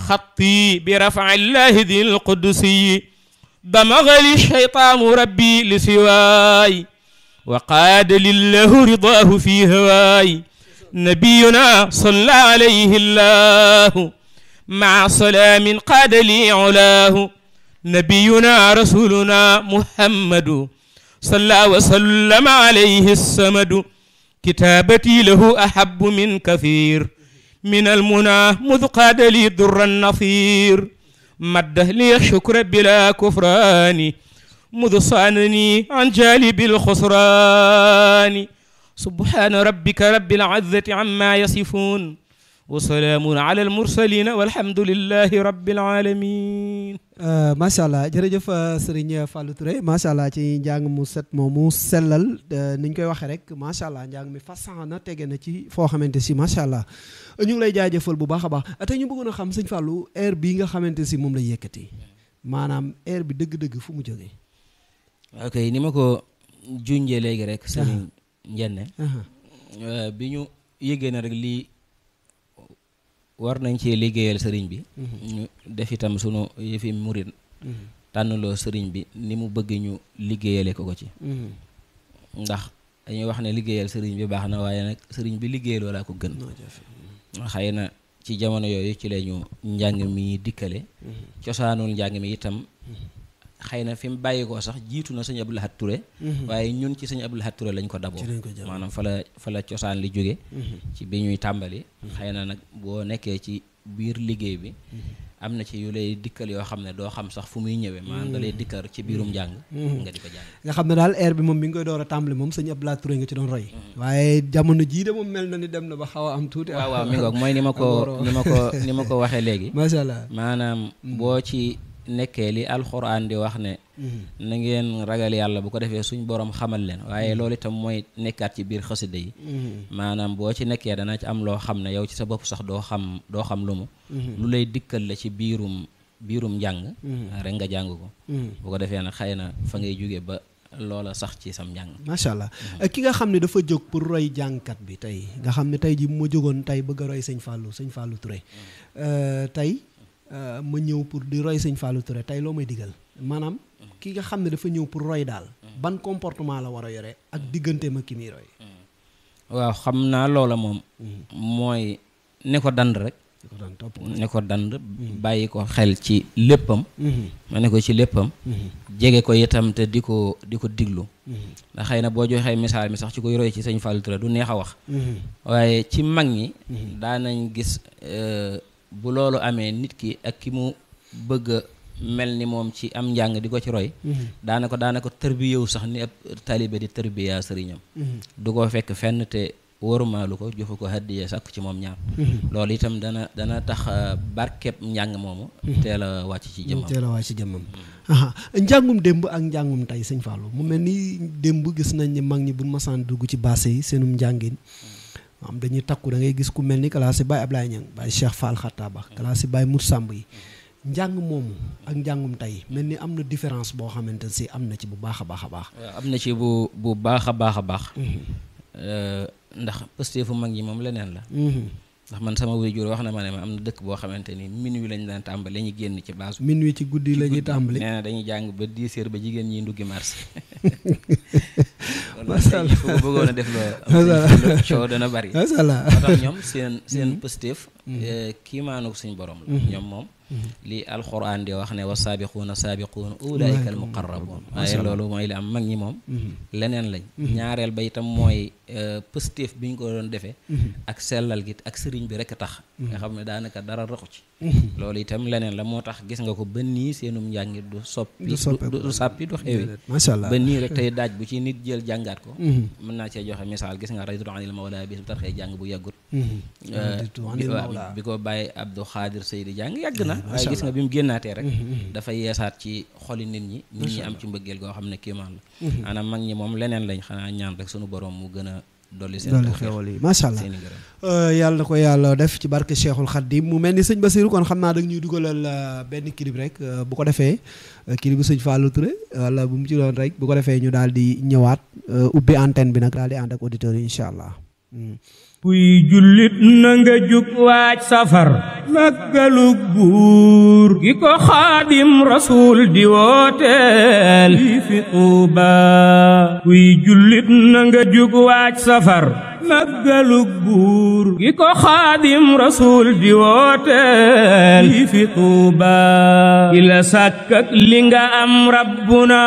خطي برفع الله ذي القدسي دمغ لي الشيطان ربي لسواي وقاد لله رضاه في هواي نبينا صلى عليه الله مع سلام قاد لي علاه نبينا رسولنا محمد صلى وسلم عليه السمد كتابتي له أحب من كثير من المنى مذ قاد لي در النصير مده لي الشكر بلا كفران مذ صانني عن جالب الخسران سبحان ربك رب العزة عما يصفون wa salaamun ala al mursalina walhamdulillahi rabbil alamin macha allah jërëjëf sëriñ Fallou Touré macha allah ci njàng mu set mu sellal ni ñu koy waxee rek macha allah njàng mi fasax na tege na ci foo xamante si macha allah ñu ngi lay jaajëfal bu baax a baax te ñu bëggoon a xam sëñ Fallou air bii nga xamante si moom la yëkkati maanaam air bi dëgg-dëgg fu mu jógee. ok ni ma ko junjee léegi rek. sëriñ Njenne euh, bi ñu yëgee na rek lii. war nañ cee liggéeyal sëriñ bi mhm. ñu def itam sunu yëfi murin mhm. tànnloo sëriñ bi ni mu bëgg ñu liggéeyale ko ko ci mhm. ndax dañuy wax ne liggéeyal sëriñ bi baax na waaye nag sëriñ bi liggéeyaloo laa ko gën mm. xëy na ci jamono yooyu ci lañu ñu njàng mi dikkale cosaanul njàng mi itam xëy na fi mu bàyyi koo sax jiitu na sëñ Abdou Lahad Touré mhm. waaye ñun ci sëñ Abdou Lahad Touré lañ ko daboo maanaam fa la fa la cosaan li jóge mhm. ci bi ñuy mhm. bi am na ci yu lay dikkal yoo ne doo xam sax fu muy ñëwee maanaam da lay dikkal ci biirum jàng nga di ko jàng nga xam ne daal air bi moom mi ngi koy door a tàmbali moom sëñ Abdou Lahad Touré nga ci doon roy waaye jamono jii de moom mel na ni dem na ba xaw a am tuuti waaw waaw mi ngoog ci nekkee li alxuraan di wax ne mm-hmm. na ngeen ragal yàlla bu ko defee suñ borom xamal leen waaye mm-hmm. loolu itam mooy nekkaat ci biir xasida yi mm-hmm. maanaam boo ci nekkee danaa ci am loo xam ne yow ci sa bopp sax doo xam doo xam lu mu lay dikkal la ci biirum biirum njàng nga jàng ko bu ko defee nag xëy na fa ngay jóge ba loola sax ci sam njàng macha allah ki nga xam ne dafa jóg pour roy jàngkat bi tey nga xam ne tey ji bu ma jógoon tey bëgg a roy sëñ Fallou sëñ fàllu Touré euh, tey Euh, ma ñëw pour di roy sëñ Fallou tey loo may digal maanaam ki nga xam ne dafa ñëw pour roy daal ban comportement la war a yore ak diggante ma ki muy roy waaw xam naa loola moom mm-hmm. mooy ne ko dand rek ne ko dand mm-hmm. bàyyi ko xel ci léppam mm-hmm. ma ne ko ci léppam jege ko itam te di ko di ko diglu ndax xëy na boo joxee misaal mi sax ci koy roy ci sëñ Fallou Touré du neex a wax waaye ci mag ñi daanañ gis euh, bu loolu amee nit ki ak ki mu bëgg a mel ni moom ci am njàng di ko ci roy mhm. daanako ko daana ko sax ni ab taalibe di tërbiyaa sëriñam mhm. du ko fekk fenn te warumaalu ko joxu ko hàddiya sàkk ci moom ñaar mhm. loolu itam dana dana tax uh, barkeb njàng moomu teel a wàcc ci jëmmam teel a wàcc ci jëmmam njàngum démb ak njàngum tey sëñ Fallou mu mel ni démb gis nañ ni mag ñi bu masaan dugg ci baase yi seenum njàngin am dañuy takku da ngay gis ku mel ni classe Baye Ablaye Niang Baye Cheikh Fall Khattaba mm. classe Baye Mout Samb yi njàng moomu ak njàngum tey mel ni am na différence boo xamante si am na ci bu baax a baax a baax euh, am na ci bu bu baax baax a baax mm-hmm. euh, ndax pësteefu mag ñi moom leneen la mm-hmm. ndax man sama waajur wax na ma ne ma am na dëkk boo xamante ni wi lañ daan tàmbali ñu génn ci baasu wi ci guddi la ñuy tàmbali nee na dañuy jàng ba 10 ba jigéen ñi nduggi marché macha allah kon bëggoon def loolu. dana bari. macha moo tax ñoom seen seen mm-hmm. positif. Mm-hmm. Eh, kiimaanu suñu borom la. Mm-hmm. ñoom moom. li alquran di wax ne wa saabiquuna saabiquuna ulaayika al muqarrabuun waaye loolu mooy li am mag ñi moom leneen lañ ñaareel ba itam mooy eh, positif bi ñu ko doon defee ak sellal gi ak sëriñ bi rek tax nga xam ne daanaka dara rëqu ci loolu itam leneen la moo tax gis nga ko ba nii seenum njàngi du soppi du sàppi du xewi ba nii tey daaj bu ci nit jël jàngaat ko mhm. mën naa cee joxe misaal gis nga raditu anil mawla bi su tarxee jàng bu yàggut mhm. euh, bi ko bàyyi Abdou Khadir Seydi jàng yàgg na waaye gis nga bi mu génnaatee rek mhm, dafa yeesaat ci xoli nit ñi nit ñi am ci mbëggeel goo xam ne kéemaan la maanaam mag ñi moom leneen lañ xanaa ñaan rek sunu borom mu gën a dool dolli seen xewal yi macha allah euh, yàlla ko yàlla def ci barke Cheikhul Khadim mu mel ni sëñ ba Basiru kon xam naa da ñuy dugalal euh, benn clip rek euh, bu ko defee clip bu sëñ Fallou Touré wala bu mu ci doon rek bu ko defee ñu daal di ñëwaat ubbi antenne bi nag daal di ànd ak auditeurs yi allah. Hmm. kuy jullit na nga jug waaj safar màggalug buur gi ko xaadim rasuul di wooteel fi Tuuba kuy jullit na nga jug waaj safar màggalug buur gi ko xaadim rasuul di wooteel yi fi tuuba ki la sàkk li nga am rabbuna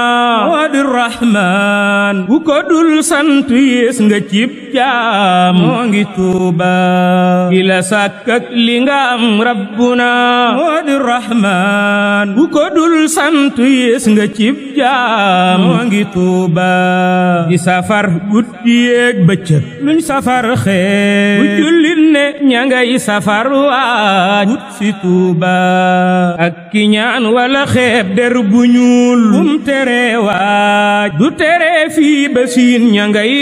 moo di rahmaan ku ko dul sant nga cib jaam moo ngi tuuba ki la sàkk li nga am rabbuna moo di rahmaan ku ko dul sant nga cib jaam moo ngi tuuba di safar gut guddiyeeg bëccëg luñ safar xee bu jullit ne ña ngay safar waa wut si tuuba ak ki ñaan wala xeeb der bu ñuul bum tere waaj du tere fii ba siin ña ngay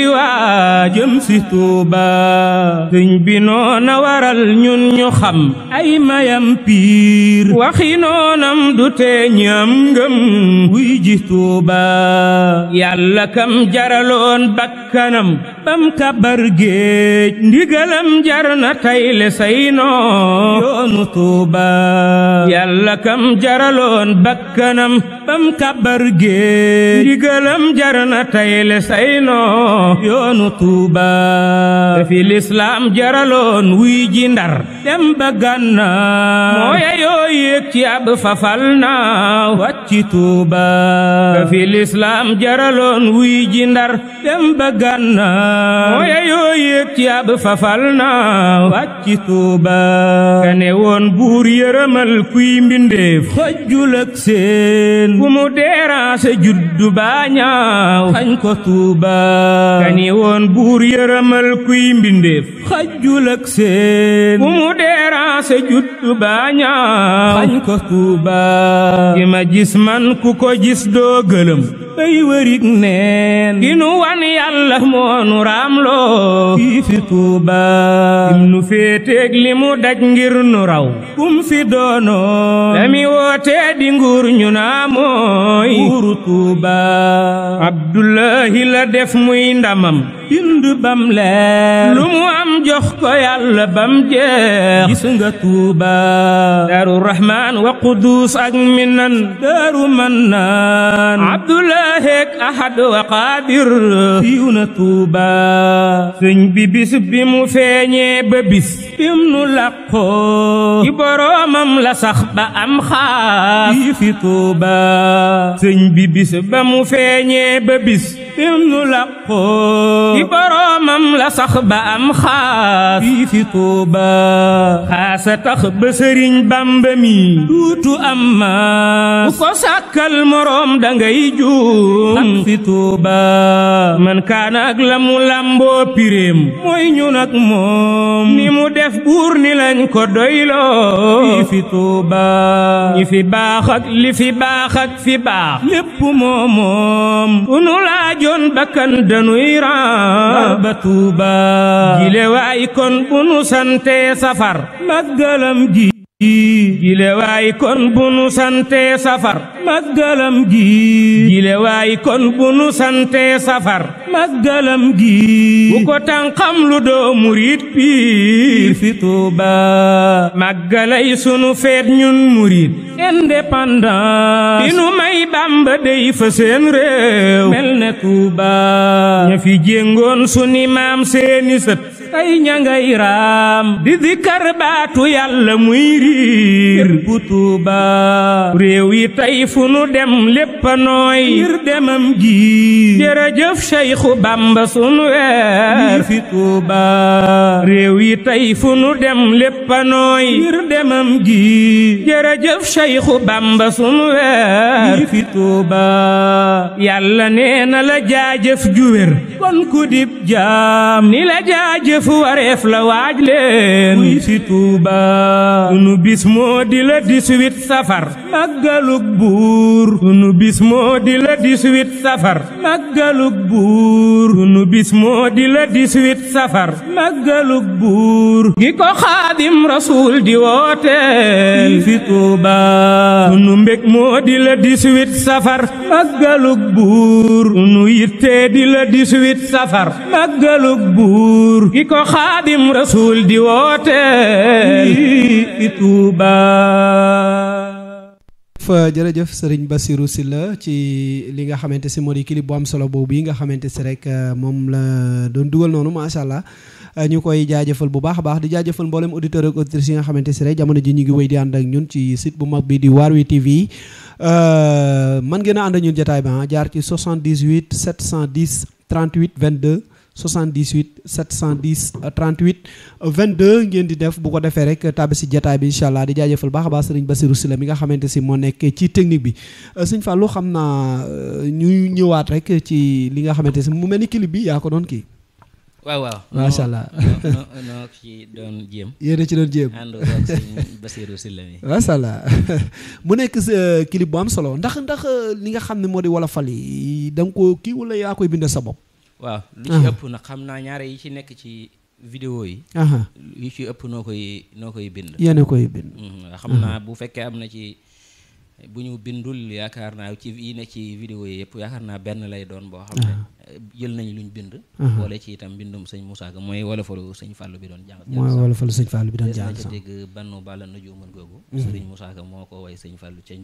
si tuuba sëñ bi noona waral ñun ñu xam ay mayam piir waxi noonam du tee ñam ngëm wuy ji tuuba yàlla kam jaraloon bakkan kanam bam kabar géej ndigalam jar na tayle tuuba yàlla kam jaraloon bakkanam bam kabar géej ndigalam jar na tayle saynoo yoonu tuuba fi lislaam jaraloon wuy ndar dem ba mooya yoo yéeg ci ab fafal tuuba fi lislaam jaraloon wuy ndar dem ba naa mooy ayoo yéeg ci ab fafal naa wàcc tuuba ka ne woon buur kuy mbindeef xojjul ak ku mu déranger juddu baa ñaaw xañ ko tuuba ka ne woon buur yërëmal kuy mbindeef xojjul ak ku mu déranger juddu baa ñaaw tuuba ki ma gis man ku ko gis doo gëlëm bay wërig neen ginu wan yàlla moonu raamloo fii fi Tuubaa im nu féeteeg li mu daj ngir nu raw kum fi doonoo lami wootee di nguur ñu naa mooy nguuru Tuubaa Abdullahi la def muy ndamam bind bam leer lu mu am jox ko yàlla bam jeex gis nga tuuba daaru rahmaan wa quduus ak minan daaru mannaan abdullaahi ak ahad wa qaadir fiiw na tuuba sëñ bi bi mu feeñee ba bis bim nu làqoo ci la sax ba am xaas fii fi tuuba sëñ bi ba mu feeñee ba bis bim nu ci boroomam la sax ba am xaas fii fi Tuuba xaasa tax ba sëriñ Bàmba mi duutu am maas bu ko sàkkal moroom dangay juum ak fi Tuuba man kaana ak la mu làmboo piréem mooy ñun ak moom ni mu def buur ni lañ ko doyloo fii fi Tuuba ñi fi baax fi baax ak fi baax lépp moomoom unu laajoon bakkan danuy ran ba Tuuba gile waay kon bu nu sante safar màggalam gi jile waay kon bu nu sante safar masgalam gi jile waay kon safar masgalam gi lu doo murit piir fi Tuuba màggalay sunu feet ñun murit indépendance fi nu may Bàmba dey fa seen réew mel ne Tuuba ña fi jéngoon suni maam seeni sët tey ña ngay di dikkar baatu yàlla muy riir bu tuuba réew yi dem lépp nooy ngir demam gi jërëjëf weer fi tuuba réew yi tey fu nu dem lépp nooy ngir demam gi jërëjëf Seexu Bàmba sunu weer fi tuuba yàlla la jaajëf ju wér kon ku dib jaam ni la jaajëf fu wareef la waaj leen muy si Tuuba sunu bis moo di la 18 safar màggalug buur sunu bis moo di la 18 safar màggalug buur sunu bis moo di la 18 safar màggalug buur gi ko xaadim rasuul di woote muy si Tuuba sunu mbég moo di la 18 safar màggalug buur sunu yitte di la 18 safar màggalug buur ko xaadim rasuul di wooteel i Tuubaa jërëjëf sëriñ Bassirou la ci li nga xamante si moo di clip bu am solo boobu yi nga xamante si rek euh, moom la doon dugal noonu macha allah euh, ñu koy jaajëfal bu baax a baax di jaajëfal mboolem auditeur ak auditrice yi nga xamante si rek jamono ji ñu ngi wéy di ànd ak ñun ci site bu mag bi di Waarwi TV euh, man ngeen a ànd ak ñun jotaay ba jaar ci 78 710 38 22. 78 710 38 22 ngeen di def bu ko defee rek tàbbi si jataay bi incha allah di jaajëfal baax a baax sëriñ Basirou Sylla mi nga xamante si moo nekk ci technique bi euh, sëñ Fallou xam naa euh, ñu ñëwaat rek ci li nga xamante si mu mel ni clip bi yaa ko doon kii. waaw waaw macha allah no jéem. yéen ci doon jéem ànd ak sëñ Basirou mu nekk euh, clip bu am solo ndax ndax li nga xam ne moo di wolofal yi da nga kii wala yaa koy bindal sa bopp. waaw lu ci ëpp nag xam naa ñaare yi ci nekk ci vidéo yi yu ci ëpp noo koy noo koy bind yéen a koy bind mm-hmm. xam naa bu fekkee am na ci bu ñu bindul yaakaar naa ci yi ne ci vidéo yi yëpp yaakaar naa benn lay doon boo xam ne eh, jël nañ luñ bind boole ci itam bindum sëñ Moussa Ka mooy wolofalu sëñ Fallou bi doon jàng mooy wolofalu sëñ Fallou bi doon jàng sax dégg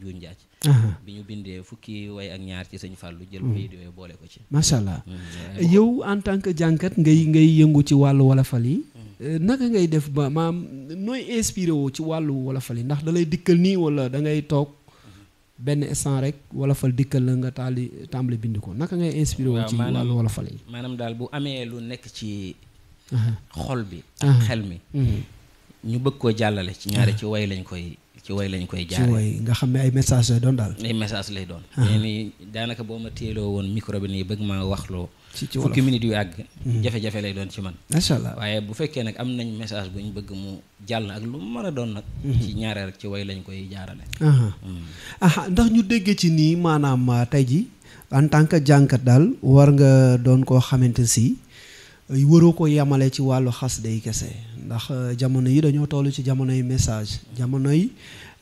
mhm. bi ñu bindee fukki way ak ñaar ci sëñ Fallou jël mhm. vidéo boole ko ci macha allah mhm. yow en tant que jànkat ngay ngay yëngu ci wàllu wolofal yi eh, naka ngay def ba maam nooy inspiré woo ci wàllu wolofal yi ndax da lay dikkal nii wala da ngay toog benn instant rek wolofal dikkal la nga taali tàmbali bind ko naka ngay inspiré wu ci wàllu wolofal yi maanaam daal bu amee lu nekk ci xol bi ak xel mi mhm. ñu bëgg koo jàllale ci ñaari ci way lañ koy ci way lañ koy jaare nga xam ne ay message lay doon daal ay message lay doon mais ni daanaka boo ma téeloo woon micro bi nii bëgg wax loo fukki minutes yu àgg mhm. jafe-jafe lay doon ci man macha allah waaye bu fekkee nag am nañ message bu ñu bëgg mu jàll ak lu mu a doon nag mhm. ci ñaare rek ci way lañ koy jaarale aha mhm. ndax ñu déggee ci nii maanaam ah, tey ji en tant que jànkat daal war nga doon koo xamante si waroo ko yemale ci wàllu xas day kese ndax ah, jamono yi dañoo toll ci jamonoy message jamono yi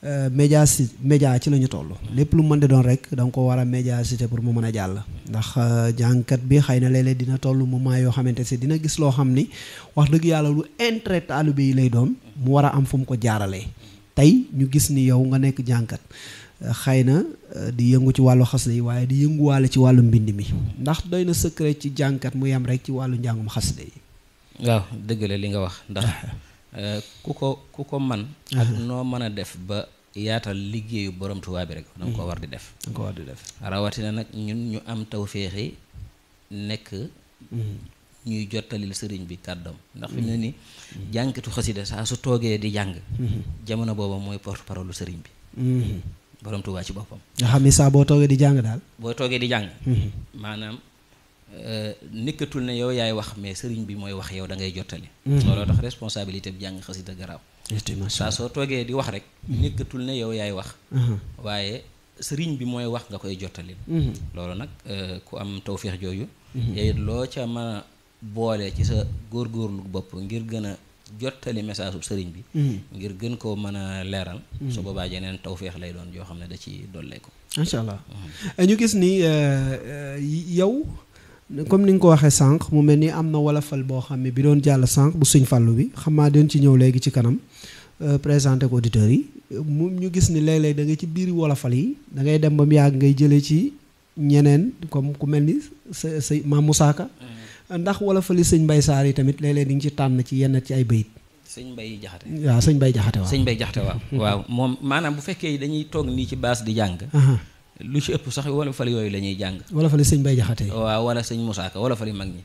Euh, média si média ci la ñu toll lépp lu mën di doon rek da nga ko war a médiacité pour mu mën a jàll ndax euh, jàngkat bi xëy na léeg dina toll moment yoo xamante si dina gis loo xam ni wax dëgg yàlla lu intérêt taalibe yi lay doon mu war a am fu mu ko jaarale tey ñu gis ni yow nga nekk jàngkat euh, xëy na di yëngu ci wàllu xasida yi waaye di yënguwaale ci wàllu mbind mi ndax doy na secret ci jànkat mu yem rek ci wàllu njàngum xasida yi waaw dëgg li nga wax ndax ku yaatal liggéeyu borom tubaa bi rek da nga hmm. ko war di def da nga ko def rawatina nag ñun ñu am taw tawféexi nekk hmm. ñuy jottalil sëriñ bi kàddoom ndax fi mu ne hmm. ni jànkatu xasida saa su toogee di jàng jamono booba mooy porte parole sëriñ bi borom Tuubaa ci boppam nga xam ni saa boo toogee di jàng daal boo toogee di jàng maanaam euh, nekkatul ne yow yaay wax mais sëriñ bi mooy wax yow da ngay jottali looloo tax responsabilité bi jàng xasida garaaw saa soo toogee di wax rek mhm. nekkatul ne yow yaay wax mhm. waaye sëriñ bi mooy wax nga koy jottali mhm. loolu nag euh, ku am tawféex jooju yowit loo ca mën a boole ci sa góor góorlu bopp ngir gën a jottali message bu sëriñ bi ngir gën koo mën a leeral su boobaa jeneen tawféex lay doon yoo xam ne da ci dollee ko ñu gis ni euh, euh, yow comme ni nga ko waxee sànq mu mel ni am na wolofal boo xam ne bi doon jàll sànq bu suñ fàllu bi xam naa doon ci ñëw léegi ci kanam euh, présenté ko auditeurs yi mu ñu gis ni léeg-léeg da nga ci biir wolofal yi da ngay dem ba mu yàgg ngay jëlee ci ñeneen comme ku mel ni sa sa maam Moussa Ka mm-hmm. ndax wolofal yi sëñ Mbaye Sarr yi tamit léeg-léeg di nga ci tànn ci yenn ci ay bayit sëñ Mbaye Jaxate waaw sëñ Mbaye Jaxate waaw sëñ Mbaye waaw moom maanaam bu fekkee dañuy toog nii ci baas di jàng lu ci ëpp sax wala fal yooyu la ñuy jàng. wala fal sëñ Bay Jaxate. waaw wala sëñ Musaa Ka wala fal mag ñi.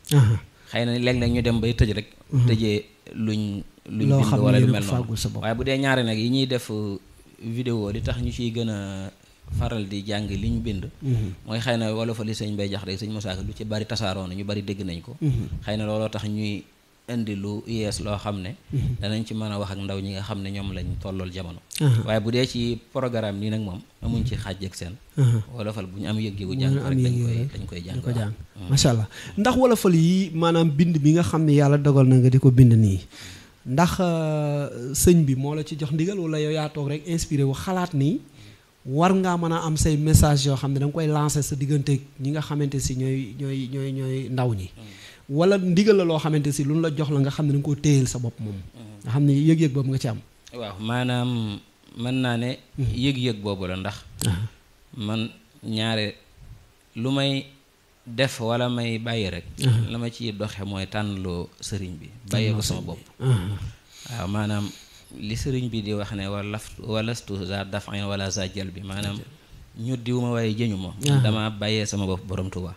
xay na léeg-léeg ñu dem bay tëj rek. Mhm. tëjee luñ. luñ bind wala lu mel noonu waaye bu dee ñaari nag yi ñuy def uh, vidéo li tax ñu ciy gën a faral di jàng li ñu bind. Mhm. mooy xëy na wala fali sëñ Bay Jaxate sëñ Musaa lu ci bari tasaaroo na ñu bari dégg nañ ko. Mhm. xëy na looloo tax ñuy. indi lu yees loo xam ne mhm. danañ ci mën a wax ak ndaw ñi nga xam ne ñoom lañ tollool jamono uh-huh. waaye bu dee ci programme nii nag moom amuñ ci xaaj ak seen uh-huh. wolofal bu ñu am yëg-yëgu jàng rek dañ koy dañ koy jàng ko jàng mm. macha allah ndax wolofal yi maanaam bind bi nga xam ne yàlla dogal na nga di ko bind nii ndax uh, sëñ bi moo la ci jox ndigal wala yow yaa toog rek inspiré wu xalaat nii war ngaa mën a am say message yoo xam ne da koy lancer sa diggante ñi nga xamante si ñooy ñooy ñooy ñooy ndaw ñi mm. wala ndigal la loo xamante si lu ñu la jox la nga xam ne nga koo téyeel sa bopp moom nga xam ne yëg-yëg boobu nga ci am waaw maanaam mën naa ne hmm. yëg-yëg boobu la ndax man ñaare lu may def wala may bàyyi rek la ma ci doxe mooy tànnloo sëriñ bi bàyyee ko sama bopp waaw maanaam li sëriñ bi di wax ne wala walastu za dafin wala za jël bi maanaam ñu diw ma waaye jëñu ma dama bàyyee sama bopp borom Tuubaa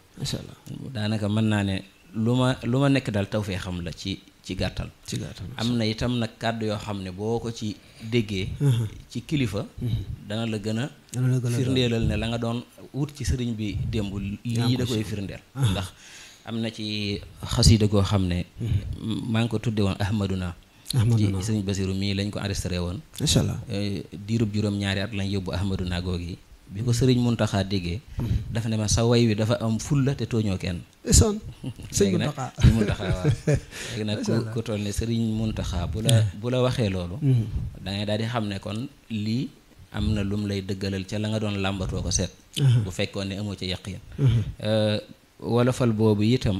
daanaka mën naa ne lu ma lu ma nekk daal taw fee xam la ci ci gàttal ci am na itam nag kàddu yoo xam ne boo ko ci déggee uh-huh. ci kilifa uh-huh. dana la gën a firndeelal ne la nga doon wut ci sëriñ bi démb lii da koy firndeel uh-huh. ndax am na ci xasida koo xam ne maa ngi ko tudde woon ahmaduna ci sëriñ Basiru mii lañ ko enregistré woon incha allah eh, diirub juróom ñaari at lañ yóbbu ahmaduna yi bi ko sëriñ Muntaxa déggee hmm. dafa ne ma sa way wi dafa am fulla te tooñoo kenn son sëriñ Muntaxa sëriñ Muntaxa waaw léegi nag ku toll ne sëriñ Muntaxa bu la hmm. bu la waxee loolu hmm. da ngay xam ne kon lii am na lum lay dëggalal ca la nga doon làmbatoo ko seet bu fekkoon ne amoo ca yàq euh, wala boobu itam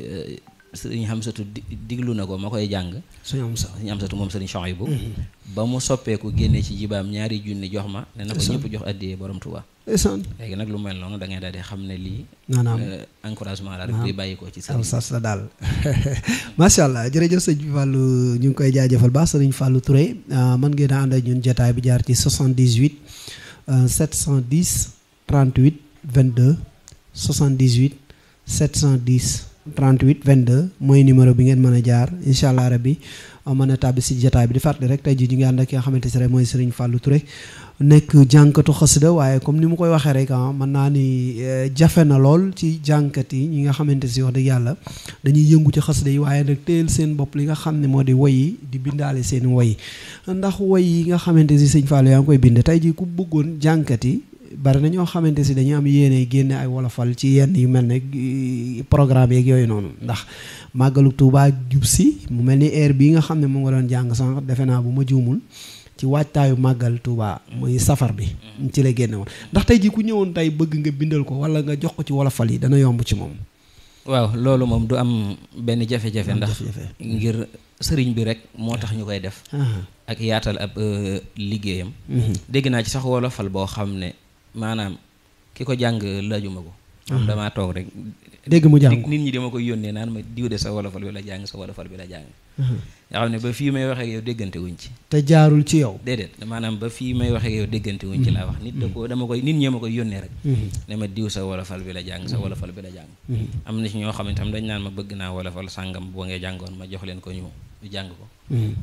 euh, sëriñ Hamsatu diglu na ko ma koy jàng sëriñ Hamsatu moom sëriñ Chouaïbou mm-hmm. ba mu soppeeku génne ci jibaam ñaari junni jox ma ne na ko ñëpp jox addiyee borom Tuubaa léegi nag lu mel noonu da ngay daal di xam ne lii maanaam euh, encouragement la rek di bàyyi ko ci sëriñ sas la daal macha allah jërëjëf sëñ Fallou ñu ngi koy jaajëfal baax sëriñ Fallou Touré ah, mën ngeen a ànd ak ñun jotaay bi jaar ci 78 710 38 22 78 710 38 22 mooy numéro bi ngeen mën a jaar incha allah bi euh, mën a tàbbi si jataay bi di fàttali rek tey jii ñu ngi ànd ak ki nga xamante si rek mooy Serigne Fallou Touré nekk jànkatu xasida waaye comme ni mu koy waxee rek ah mën naa ni euh, jafe na lool ci jànkat yi ñi nga xamante si wax dëgg yàlla dañuy yëngu ci xasida yi waaye nag téyel seen bopp li nga xam ne moo di woy di bindaale seen woy ndax woy yi nga xamante si Serigne Fallou yaa ngi koy bind tey jii ku bëggoon jànkat yi bari na ñoo xamante si dañu am yéene génne ay wolofal ci yenn yu mel ne eh, programme yeeg yooyu noonu ndax màggalu Tuubaa jub si mu mel ni air bii nga xam ne mu nga doon jàng sànq defe naa bu ma juumul ci waajtaayu màggal Touba muy safar bi mu mm-hmm. ci la génne woon ndax tey jii ku ñëwoon tey bëgg nga bindal ko wala nga jox ko ci wolofal yi dana yomb ci moom waaw loolu moom du am benn jafe-jafe ndax ngir sëriñ bi rek moo tax ñu koy def ah. ak yaatal ab euh, liggéeyam mm-hmm. dégg naa ci sax wolofal boo xam ne maanaam ki ko jàng laajuma ko. am ah. damaa toog rek. dégg mu jàng nit ñi dama koy yónnee naan ma diw de sa wolofal bi la jàng sa wolofal bi la jàng. nga xam ne ba fii may waxee yow déggante ci. te jaarul ci yow. déedéet maanaam ba fii may waxee yow déggante ci laa wax. nit da ko dama koy nit ñi ma koy yónnee rek. ne ma diw sa wolofal bi la jàng sa wolofal bi la jàng. am na ci ñoo xam ne tam dañ naan ma bëgg naa wolofal sàngam boo ngay jàngoon ma jox leen ko ñu jàng ko.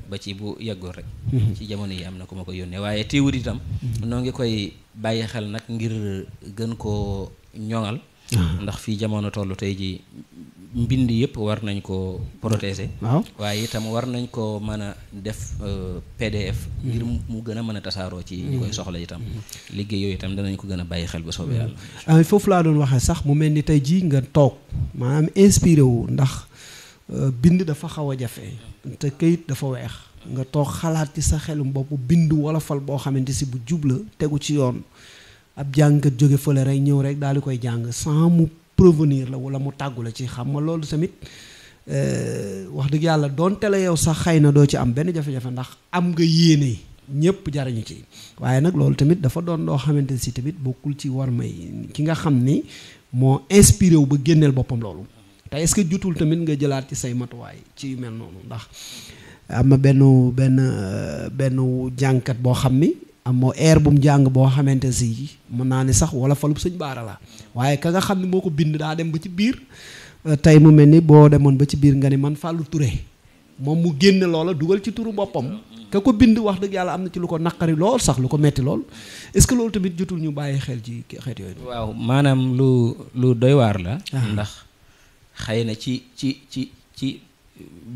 ba ci bu yàggoon rek mm-hmm. ci jamono yi am na ku ma ko yónnee waaye téewut itam mm-hmm. noo ngi koy bàyyi xel nag ngir gën koo ñoŋal uh-huh. ndax fii jamono toll tey ji mbind yëpp war nañ ko protéger waaye itam war nañ ko mën a def euh, pdf ngir mm-hmm. mu gën a mën a tasaaroo ci ñu koy soxla itam liggéey yooyu itam danañ ko gën a bàyyi xel ba soobee yàlla euh, foofu laa doon waxee sax mu mel ni tey jii nga toog maanaam inspiré wu ndax Euh, bind dafa xaw a jafe te kayit dafa weex nga toog xalaat ci sa xelum bopp bind wolofal boo xamante si bu jubla tegu ci yoon ab jàngkat jóge fële rek ñëw rek daal di koy jàng sans mu prévenir la wala mu tàggu la ci xam nga loolu tamit euh, wax dëgg yàlla doonte la yow sax xëy na doo ci am benn jafe-jafe ndax am nga yéene ñëpp jariñu ci waaye nag loolu tamit dafa doon loo xamante si tamit bokkul ci war may ki nga xam ni moo inspiré wu ba génneel boppam loolu te est que jutul tamit nga jëlaat ci say matuwaay ci yu mel noonu ndax am na benn benn euh, benn jàngkat boo xam ni amoo air bu mu jàng boo xamante si mën naa ne sax wala falub sëñ baara la waaye ka nga xam ne moo ko bind daa dem ba ci biir euh, tey mu mel ni boo demoon ba ci biir nga ni man fàllu ture moom mu génne loola dugal ci turu boppam ka ko bind wax dëgg yàlla am na ci lu ko naqari lool sax lu ko metti lool est-ce que loolu tamit jotul ñu bàyyi xel ci xeet yooyu. waaw maanaam lu lu doy waar xëy na ci ci ci ci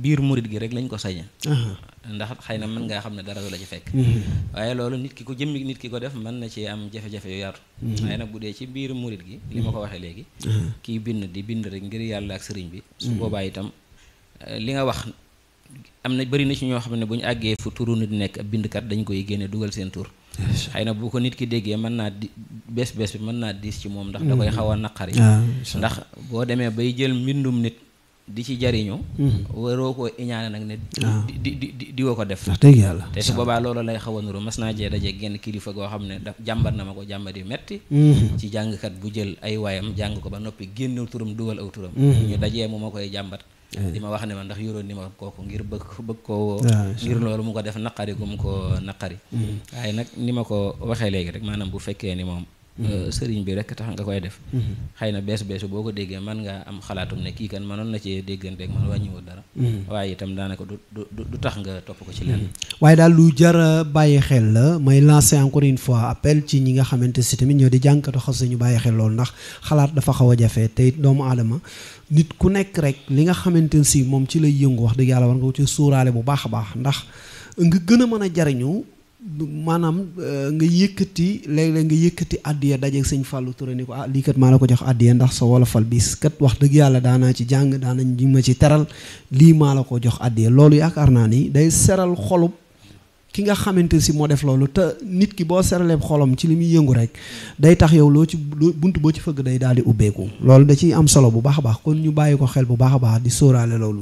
biir murit gi rek lañ ko saña ndax xëy na mën ngaa xam ne dara du la ci fekk mhm. waaye loolu nit ki ko jëmmi nit ki ko def mën na ci am jafe-jafe yu yaatu mhm. waaye nag bu dee ci biir murit gi li ma ko waxee léegi kiy bind di bind rek ngir yàlla ak sëriñ bi su mhm. boobaa itam eh, li nga wax am na bëri na ci ñoo xam ne bu àggee fu turu nit nekk ab bindkat dañ koy génne dugal seen tur xëy na bu ko nit ki déggee mën naa di bés bés bi mën naa diis ci moom ndax da koy mm-hmm. xaw a naqari ah, ndax boo demee bay jël mbindum nit di ci jariñu mm-hmm. waroo ko iñaane nag ne di ah. di di di wa ko def dëgg yàlla te su boobaa loolu lay xaw a nuru mas naa jee daje genn kilifa goo xam ne daf jàmbat na ma ko jàmbat yu metti mm-hmm. ci jàngkat bu jël ay waayam jàng ko ba noppi génn turam dugal aw turam ñu dajee mu ma koy jàmbat li eh. ma wax ne ma ndax yoroon ni ma kooku ngir bëgg bëgg koo woo ah, ngir loolu mu ko def naqari gum ko naqari mm-hmm. waaye nag ni ma ko waxee léegi rek maanaam bu fekkee ni moom Euh, sëriñ bi rek tax nga koy def mhm. xëy na bees beesu boo ko déggee man nga am xalaatum ne kii kan manoon na cee dégganteeg man wàññiwul dara mhm. waaye itam daanaka du du tax nga topp ko ci lenn mhm. waaye daal lu jar bàyyi xel la may lancer encore une fois appel ci ñi nga xamante si tamit ñoo di jànkatu xas ñu bàyyi xel loolu ndax xalaat dafa xaw a jafe tey doomu aadama nit ku nekk rek li nga xamante ne si moom ci lay yëngu wax dëgg yàlla war nga ko ci suuraale bu baax a baax ndax nga gën a mën a jariñu maanaam euh, nga yëkkati léeg-léeg nga yëkkati addiya daje sëñ Fallou Touré ni ko ah lii kat maa la ko jox addiya ndax sa wolofal bis kat wax dëgg yàlla daanaa ci jàng daanañ ñu ma ci teral lii maa la ko jox addiya loolu yaakaar naa ni day seral xolub ki nga xamante si moo def loolu te nit ki boo seraleeb xolam ci li muy yëngu rek day tax yow loo ci bunt boo ci fëgg day daal di ubbeeku loolu da ciy am solo bu baax a baax kon ñu bàyyi ko xel bu baax a baax di sóoraale loolu